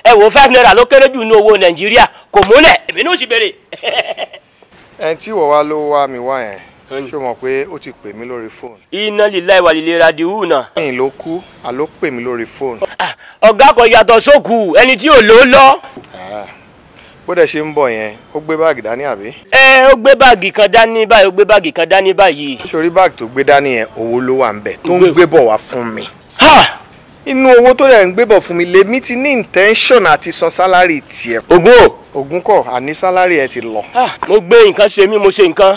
ẹ wo five naira ló kéré jù ní owó nàìjíríà kò múlẹ̀ èmi ní òsì béèrè. ẹ tí ìwọ wa ló wá mi wá yẹn ṣé o mọ̀ pé ó ti pè mí lórí fóònù. iná lílá ìwà líle radiwu náà. ẹ̀yìn ló kú àló pè mí lórí fóònù. Ah, ọ̀gá kan yàtọ̀ sókù ẹni tí ò ló lọ. Ah, bó dẹ̀ ṣe ń bọ̀ yẹn ó gbé báàgì dání àbí. ẹ ó gbé báàgì kan dání báyìí ó gbé báàgì kan dání báyìí. sórí báàgì tó gbé dání yẹn owó ló wà ń bẹ̀ tó ń gbé bọ̀ wá fún mi. inú owó tó dẹ̀ ń gbé bọ̀ fún mi lèmi ti ní intention àti san sálárì tiẹ̀. ògùn o. ògùn kọ àní sálárì ẹ ti lọ. mo gbé nǹkan ṣe mí mo ṣe nǹkan.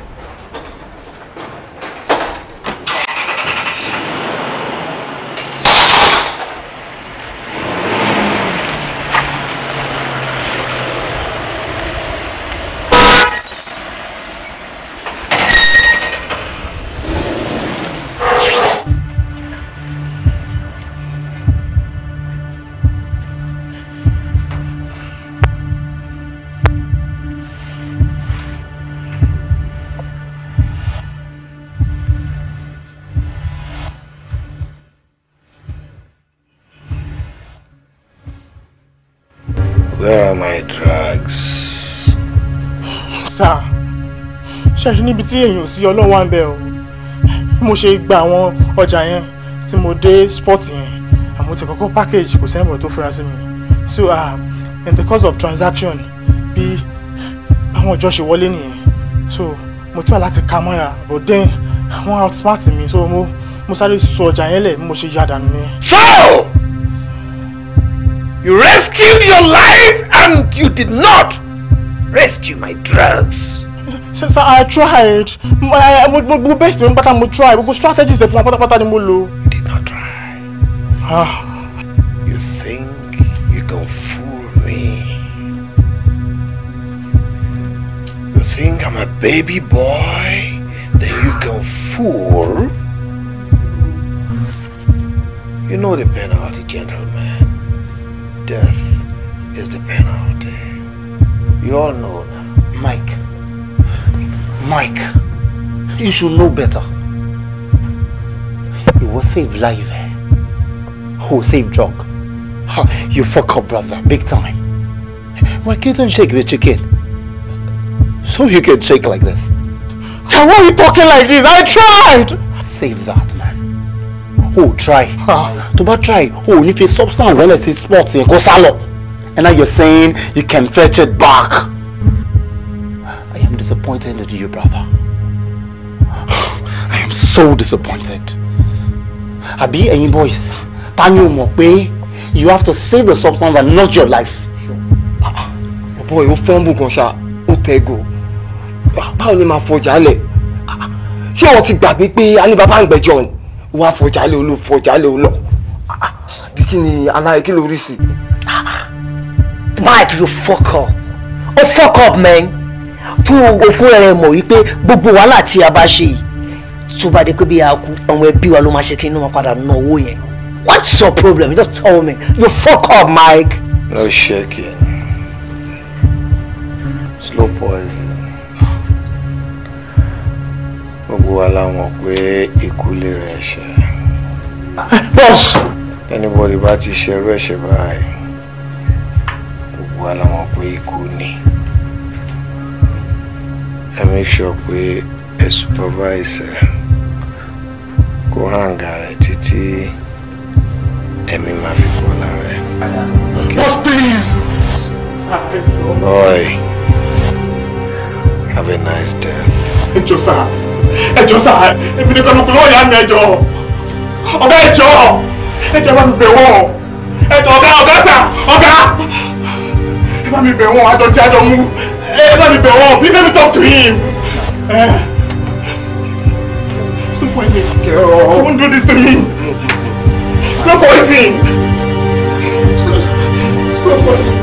ṣẹ́rí níbi tí èèyàn sí ọlọ́run ń bẹ o mo ṣe gba àwọn ọjà yẹn tí mo dé spot yẹn àmọ́ ti kọ́kọ́ package kò sẹ́ni tó fura sí mi so uh, in the course of transaction bí àwọn ọjọ́ ṣe wọlé nìyẹn so mo try láti ka mọ́ra but then wọ́n outsmart mi so mo mo sáré sọ ọjà yẹn lẹ̀ mo ṣe yá dànù nìyẹn. so you rescued your life and you did not rescue my drugs. so sir i tried mo best but i mo try gbogbo strategies dey fún wa pátápátá ni mo the mulu? did not try. Ah. you think you can fool me. you think i'm a baby boy Then you can fool. You know the penalty, gentlemen. Death is the penalty. You all know now. Mike, Mike, you should know better. It will save life. Eh? Who save drug? You fuck up, brother, big time. Why can't you shake with chicken? So you can shake like this. Why are you talking like this? I tried! Save that, man. Oh, try. Huh? To but try. Oh, if a substance, unless it's spots, go salon, And now you're saying you can fetch it back. disappointed with you, brother. I am so disappointed. Abi, ẹ̀yin boys, ta ni you have to save the substance and not your life. Boy, you fumble gan ṣá, o tẹ̀gò. Báwo ni màá fọjà lẹ̀? Ṣé o ti gbàgbé pé a ní bàbá àgbẹ̀jọ ni? Wàá fọjà lẹ̀ olú fọjà lẹ̀ olọ̀. Bí ni aláyé kí Mike, you fuck up. Oh, fuck up, man tó o fún ẹrẹ mọ̀ wípé gbogbo wàhálà tí a bá ṣe tó bá dé pé bí a kú àwọn ẹbí wa ló máa ṣe kí inú wọn padà ná owó yẹn what's your problem just tell me you fuck up Mike. no shaking slow poison gbogbo wa la pé ikú lè rẹ̀ ṣe. boss. anybody bá ti ṣerú ẹ̀ṣẹ̀ báyìí gbogbo wa la pé ikú ni ẹ make sure pé ẹ supervise ẹ kó hàǹgà rẹ títí ẹ̀mí fi kó lára ẹ. boss please. boy have a nice day. ẹjọ sá ẹjọ sá èmi nìkan ló kún lọ́wọ́ ìyá mi ẹjọ ọ̀gá ẹjọ ẹjọ bá mi bẹ̀ wọ́n ẹjọ ọ̀gá ọ̀gá sá ọ̀gá ẹ bá mi bẹ̀ wọ́n àjọ tí a jọ mú. Everybody be up. Please let me talk to him. Eh. It's no poison. Girl. Don't do this to me. It's no poison. It's no poison.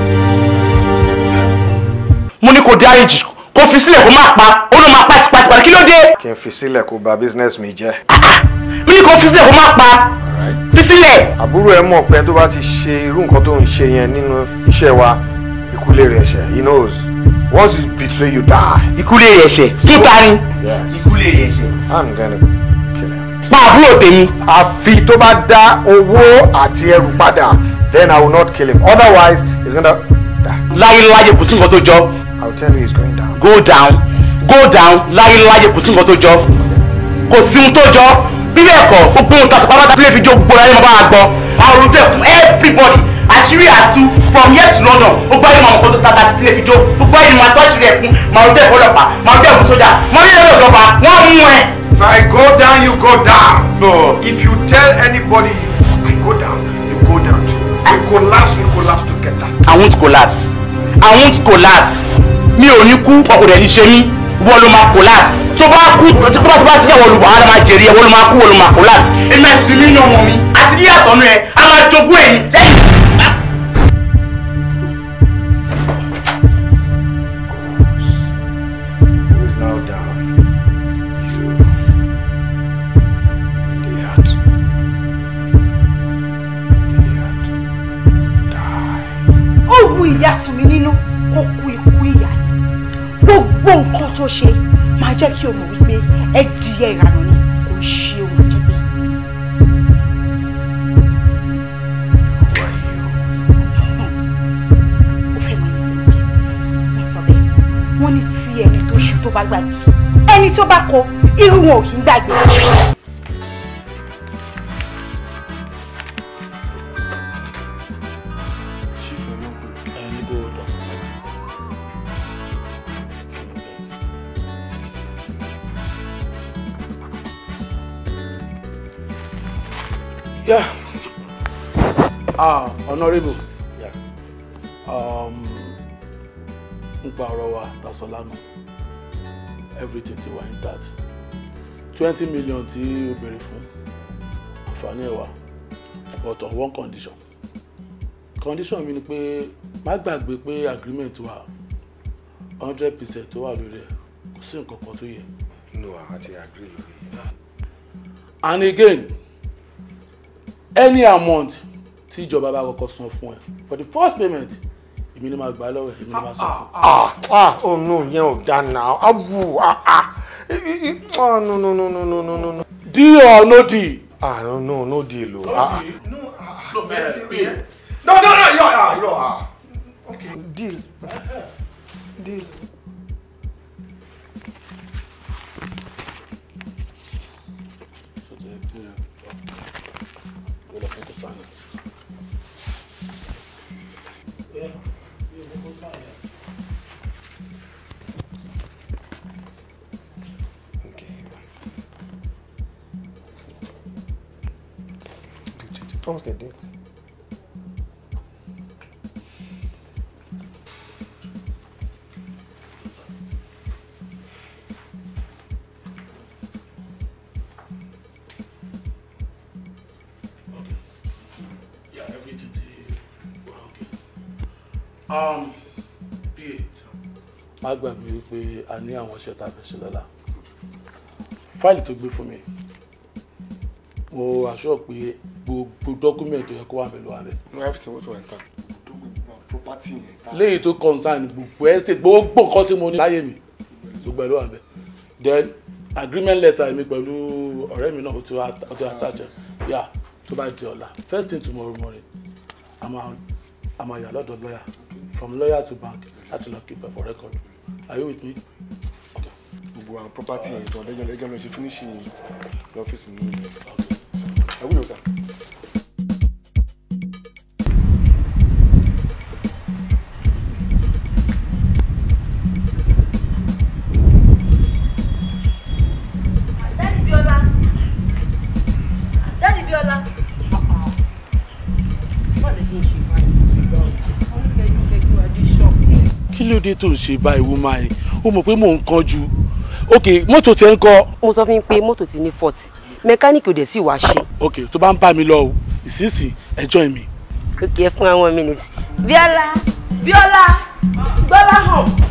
Mo ní kó dáríjì kó fi sílẹ̀ kó má pa ó ló máa pa tipátipá kí ló dé. Kí n fi sílẹ̀ kó bà business mi jẹ́. Ah, ah. Mo ní kó fi sílẹ̀ kó má pa fi sílẹ̀. Àbúrò ẹ mọ̀ pé tó bá ti ṣe irú nǹkan tó ń ṣe yẹn nínú iṣẹ́ wa ìkúlé rẹ̀ ṣe he knows. Once you betray, you die. Ikú lèrè ẹ̀ṣẹ̀. Yes. ni? Ikú lèrè ẹ̀ṣẹ̀. I'm gonna kill him. Pa àbúrò tèmi. Àfi tó bá dá owó àti ẹrù padà then I will not kill him. Otherwise, he's gonna die. Láyéláyé kò sí nǹkan tó jọ. I will tell you he's going down. Go down. Go down. Láyéláyé kò sí nǹkan tó jọ. Kò sí ohun tó jọ. Bí bẹ́ẹ̀ kọ́, gbogbo ohun tàṣà pátá tó lè fi jó gbogbo ayé máa bá a gbọ́. Àwọn olùdókòwò everybody àṣírí àtú from here to London ó gbọ́ màmú kó tó tata sílé fi jó ó gbọ́ yìí màá tọ́jú rẹ̀ fún màá dẹ̀ fọlọ́pàá màá fún sójà màá dẹ̀ lọ́dọ̀ ọba wọ́n mú ẹ. If I go down you go down. No. If you tell anybody I go down you go down too. We collapse we collapse together. I won't collapse. I won't collapse. Mi ò ní kú ọkùnrin ẹni ṣe mí wọ́n ló máa collapse. Tó bá kú tó bá tó bá ti yẹ wọ́n lu wàhálà máa jèrè ẹ wọ́n ló máa kú wọ́n ló máa collapse. Èmi àti mi ní ọmọ mi àti ní àtọ̀nú ẹ a máa jogún ẹ̀yìn lẹ́yìn. ṣe máa jẹ́ kí o mọ̀ wípé ẹ di ẹ ìrànà ni kò ṣe òun jẹ́pẹ́. wọ́n ní tí ẹni tó ṣu tó bá gbàgbé ẹni tó bá kọ irú wọn ò kì í gbàgbé. honourable um, nípa ọ̀rọ̀ wa tasọ lánàá everything ti wà intact twenty million tí o béèrè fún àǹfààní ẹ̀ but on one condition condition mi ni pé má gbàgbé pé agreement wa hundred percent tó wà lórí ẹ̀ kò sí nǹkan kan tó yẹ. no a ti agree lórí. and again any amount tí ìjọba bá kọ́kọ́ san fún ẹ for the first payment èmi ni màá gbà lọ́wọ́ èmi ni màá san fún ẹ. ah ah, ah, ah oh no yẹn ò dáa náà abu ah, ah ah oh no no no no no no no. deal or no oh, oh. deal. ah no no no deal o. no deal no ah no bẹ́ẹ̀ no no no yọ ah yọ ah. deal deal. Come with a date. Um, má gbàgbé wípé a ní àwọn iṣẹ́ tá a fẹ́ ṣe lọ́la fáìlì tó gbé fún mi mo aṣọ pé gbogbo dọ́kúmẹ̀tì yẹ wà pẹ̀lú wa bẹ́ẹ̀. no everything wey to enter property yẹn ta. lẹ́yìn tó concern gbogbo estate gbogbo nǹkan tí mo ní láyé mi gbogbo ẹ̀ ló then agreement letter mi pẹ̀lú ọ̀rẹ́ mi náà ó ti wá ó ti attach yà tó bá di ọ̀la first thing tomorrow morning a máa yà lọ́dọ̀ lọ́yà from lawyer to bank láti lọ keep for record are you with me gbogbo àwọn property ìtàn lẹ́jọ́ lẹ́jọ́ lọ ṣe finishing lọ́fíìsì mi ẹ wúlò ká. tó ń ṣe báyìí wú máa yìí ó mọ̀ pé mò ń kánjú ok mọ́tò tẹ ń kọ́. mo sọ fún yín pé mọ́tò ti ní fọ́ọ̀tì mẹkáníìkì ò dẹ̀ sì wá ṣe. ok tó bá ń bá mi lọ o ìsinsìn ẹjọ́ mi. kókè fún àwọn mínítì. Bíọ́lá Bíọ́lá gbọ́lá hàn.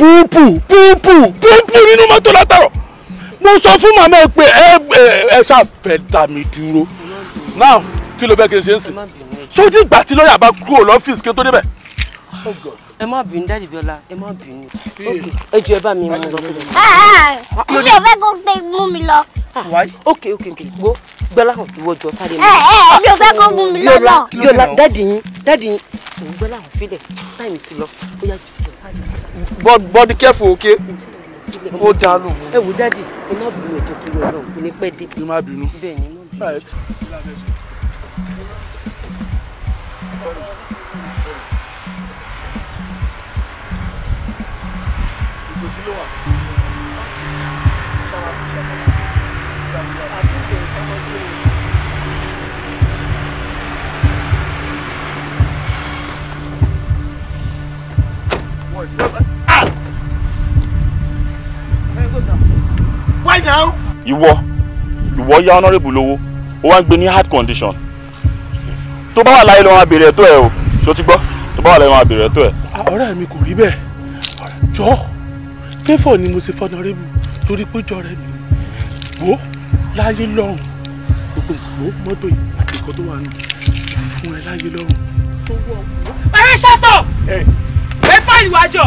púùpù púùpù púùpù nínú mọ́tò látàrọ̀ mo sọ fún màmá ẹ pé ẹ ẹ ṣàfẹ́ dà mí dúró now kí ló fẹ́ kí n ṣe ń sìn sójú ìgbà tí lọ́ọ̀yà bá kúrò lọ́fíìsì kí n tó débẹ̀. Oh ẹ má bínú dáàdì Bíọ́lá ẹ má bínú ẹ jọ̀ọ́ ẹ bá mi mú lọ sílẹ̀. mi ò fẹ́ kó gbé mú mi lọ. Ah, ok ok ok gbó gbọ́lá hàn kí wọ́n jọ sáré mi. Eh, eh, eh, mi ò fẹ́ kó mú mi lọ náà. Bíọ́lá dáàdì yín dáàdì yín òun gbọ́lá hàn fílẹ̀ táìmù ti lọ sí bóyá jọ sáré. bọ́ọ̀dì kẹ́fù òkè ó dànù. ẹ wò dáàdì ẹ má bínú ẹ̀jọ̀ tó yọ náà kò ní pẹ́ dé. ẹ má bínú. bẹ́ẹ̀ ni ẹ má bínú. ìgbòjú ló wà. àdúgbò ọmọdé rẹ̀. Ah! Why now? Ìwọ ìwọ yá honourable lówó ó wá ń gbé ní hard condition tó bá wà láyé lọ́wọ́ abèrè ẹ̀tọ́ ẹ̀ o ṣó ti gbọ́ tó bá wà láyé lọ́wọ́ abèrè ẹ̀tọ́ ẹ̀. ọ̀rẹ́ mi kò rí bẹ́ẹ̀ jọ̀ọ́ kéfò ni mo ṣe fọnàrẹ́bù torí pé jọ rẹ mi wò láyé lọ́rùn gbogbo ìgbò mọ́tò yìí àti ìkọ́ tó wà nù fún ẹ láyé lọ́rùn. ẹ ṣàtọ̀ ẹ fà ìwájọ.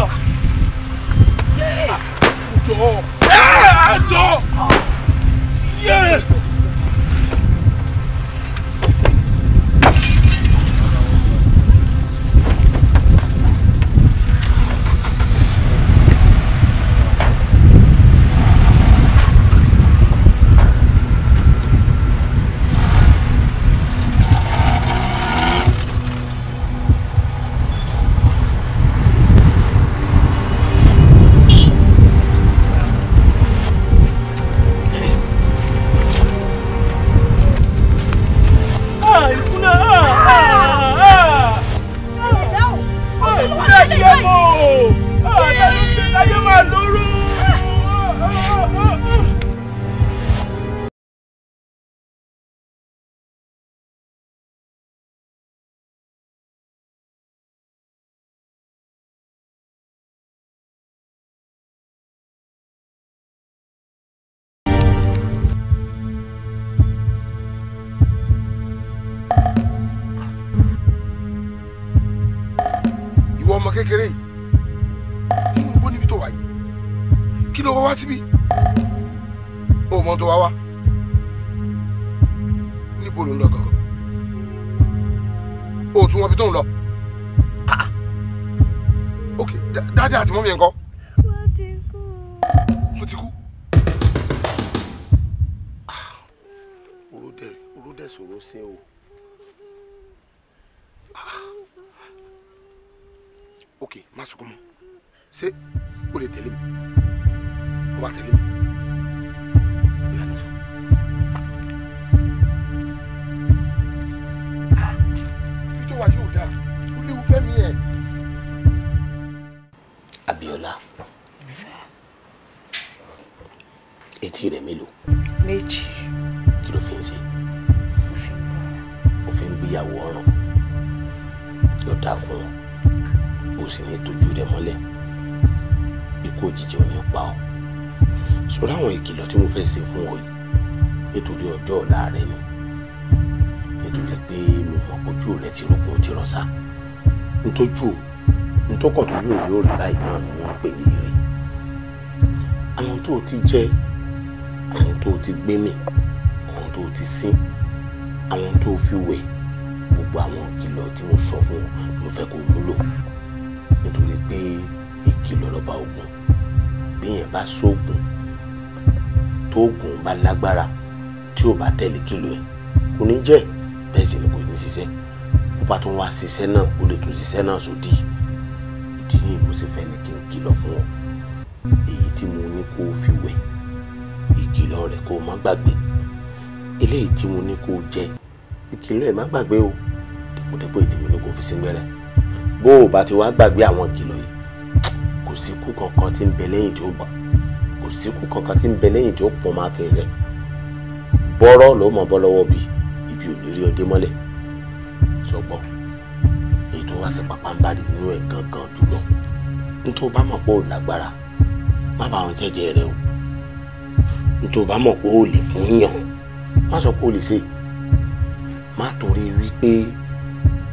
jọ jọ. kékeré yìí nínú igbó níbi tó wà yìí kí ló wá wá síbí ó mọ tó wá wá níbo ló ń lọ gangan ó tún wọn bí tó ń lọ ah, ah. ok dáadáa àti mọ́mí ẹ̀ ń kọ́. wọ́n ti ah. o. ok má sunkún mọ́ ṣé o lè tẹ̀lé mi o bá tẹ̀lé mi. Ah, Abiola, etí rẹ Melo. méjì. kí ló fi ń ṣe. ó fi ń gbéyàwó ọ̀ràn yóò dáa fún wọn ò sì ní tójú rẹ mọ́lẹ̀ ikú òjijì ò ní pa ọ́ sọ̀rọ̀ àwọn ìkìlọ̀ tí mo fẹ́ ṣe fún ọ yìí nítorí ọjọ́ ọ̀la rẹ ni nítorí pé mo mọ̀ ojú rẹ ti rògbòn ti rọ̀ sá ntójú ntókọ̀tún yóò yóò rí báyìí náà ni wọ́n pè ní ire àwọn tó o ti jẹ àwọn tó o ti gbé mì àwọn tó o ti sin àwọn tó o fi wẹ̀ gbogbo àwọn ìkìlọ̀ tí mo sọ fún ọ ló fẹ́ kó múlò nítorí pé ìkìlọ̀ lọ́ba ogun bíyẹn bá sóògùn tóògùn bá lágbára tí ò bá tẹ̀lé kìlọ̀ ẹ̀ kò ní jẹ́ bẹ́ẹ̀ sì ni kò ní ṣiṣẹ́ kó bá tún wá ṣiṣẹ́ náà ó lè tún ṣiṣẹ́ náà sódì ìdí ni mo ṣe fẹ́ ni kí n kìlọ̀ fún ọ èyí tí mo ní kó fi wẹ̀ ìkìlọ̀ rẹ̀ kó má gbàgbé eléyìí tí mo ní kó jẹ ìkìlọ̀ ẹ̀ má gbàgbé o dẹ́kun dẹ́kun èyí tí mo ní kó fi sí gbẹ́rẹ́ bó o bá ti wá gbàgbé àwọn ìkìlọ̀ yìí kò síkú kankan tí ń bẹ lẹ́yìn tí ó gbà kò síkú kankan tí ń bẹ lẹ́yìn tí ó pọn máa kẹ rẹ bọ́rọ̀ ló mọ bọ́ lọ́wọ́ bí ibi ò ní rí ọdẹ mọ́lẹ̀ sọgbọ́n èyí tó wá sí pàpà ń bá rí inú ẹ̀ gangan jùlọ nítorí bá mọ̀ pé ò lágbára má bá wọn jẹ́jẹ́ rẹ o nítorí bá mọ̀ pé ò lè fún yàn má sọ pé ò lè ṣe má torí wípé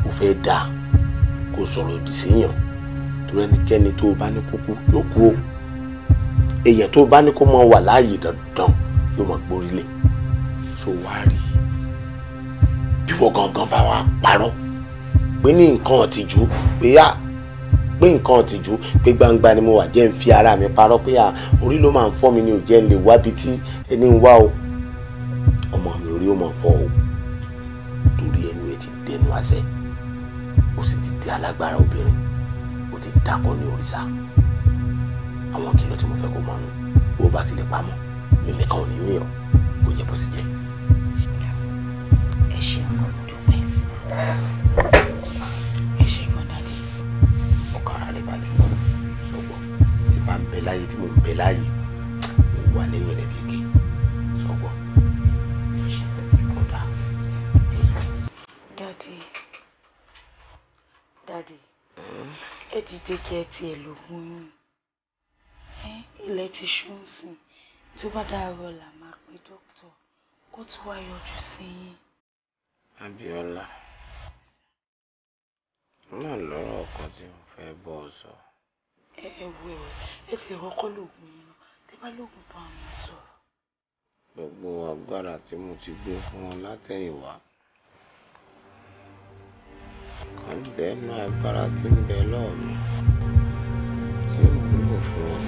o fẹ́ dáa kó sọ̀rọ̀ òdì síyàn torí ẹnikẹ́ni tó o bá ní kúkú yóò kú o èèyàn tó o bá ní kó mọ wà láàyè dandan yóò mọ gbórílẹ̀ tó wá rí bí wọ́n gangan bá wa parọ́ pé ní nǹkan ọ̀tìjú pé á pé nǹkan ọ̀tìjú pé gbangba ni mo wà jẹ́ ń fi ara mi parọ́ pé à orí ló máa ń fọ́ mi ni ò jẹ́ ń lè wábi tí ẹni ń wá o ọmọ mi orí ó mọ̀ fọ́ o torí ẹnu ẹ ti dẹnu àṣẹ alágbára obìnrin ó ti dákọ́ ní òrìṣà àwọn kìlọ̀ tí mo fẹ́ kó mọ̀ nù bó bá ti lè pamọ́ mi nìkan ò ní ní ọ kó yẹ bó sì jẹ. ẹ ṣe ọkọ mi dúpẹ́ ẹ ṣe gan dáadé. ọkàn ara rẹ balẹ̀ sọ̀gbọ́n tí bá ń bẹ láyé tí mo ń bẹ láyé mo wà lẹ́yìn rẹ bí ké. jẹ́ kí ẹ tiẹ̀ lògùn yín ilẹ̀ ti ṣún sí i tó bá dáàárọ̀ là máa pe dókítà kó tó wá yọjú sí yín. Abíọ́lá náà lọ́rọ̀ ọkọ tí mo fẹ́ bọ́ ọ sọ. ẹ ẹ wo ẹ ẹ ti rọkọ lògùn yín lọ tẹ bá lògùn bá wọn sọ̀rọ̀. gbogbo agbára tí mo ti gbé fún wọn látẹ̀yìnwá àbẹ̀ inú my tí ń bẹ lọ́ọ̀ mi tí ò wúlò fún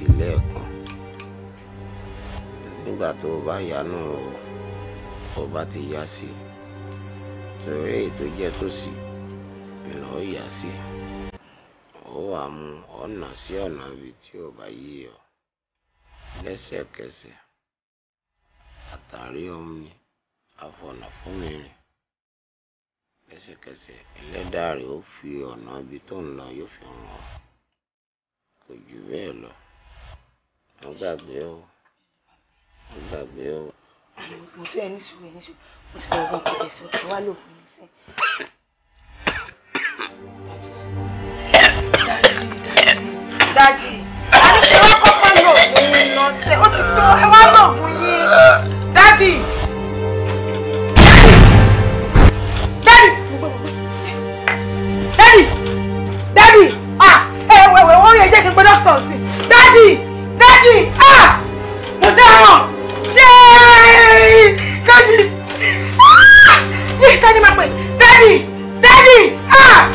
sí lẹ́ẹ̀kan nígbà tó o bá yá náà o bá ti yá sí torí èyí tó jẹ́ tó sì lọ́ọ́ yá sí ó wàá mú ọ̀nà sí ọ̀nà ibi ọ lẹ́sẹ̀kẹsẹ̀ àtàrí atari àfọ̀nà fún mi rìn lẹ́sẹ̀kẹsẹ̀ ẹlẹ́dàá rẹ̀ ó fi ọ̀nà ibi tó ń lọ yóò fi wọ́n gbàgbé ọ wọ́n gbàgbé ọ. mo tún ẹ ní sùúrù ẹ ní sùúrù mo ti fẹ́ ọgbọ́n kọjá sí ọkọ̀ wá lóògùn mi sí. dájú dájú dájú ẹ wá kọ́kọ́ lóògùn yín lọ́sẹ̀ ó ti tó ẹ wá lóògùn yín dájú. Daddy! Daddy! Ah! Ẹ wẹ̀wẹ̀ wọ́n rí ẹ jẹ́ kí n gbé dọ́kítọ̀ sí. Daddy! dáàdì ah! mo dáhùn ṣé dáàdì dáàdì máa pè dáàdì dáàdì ah!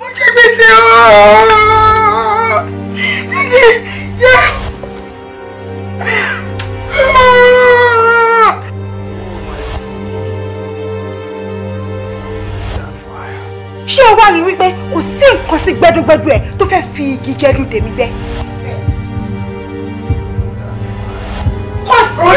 mo jẹ gbèsè ooo dáàdì yẹ. ṣé o wá rí wípé kò sí nǹkan tí gbẹdúgbẹdú ẹ tó fẹ́ fi igi gẹdú tèmi gbẹ.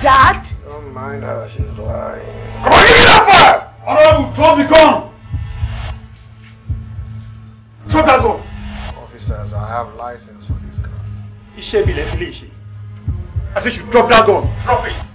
Dad? Don't mind her. she's lying. Come on, give me that fire! Honorable, drop the gun! Drop that gun! Officers, I have license for this gun. Iṣẹ́ mi lẹ́sílẹ̀ ìṣe. I said you drop that gun. Drop it.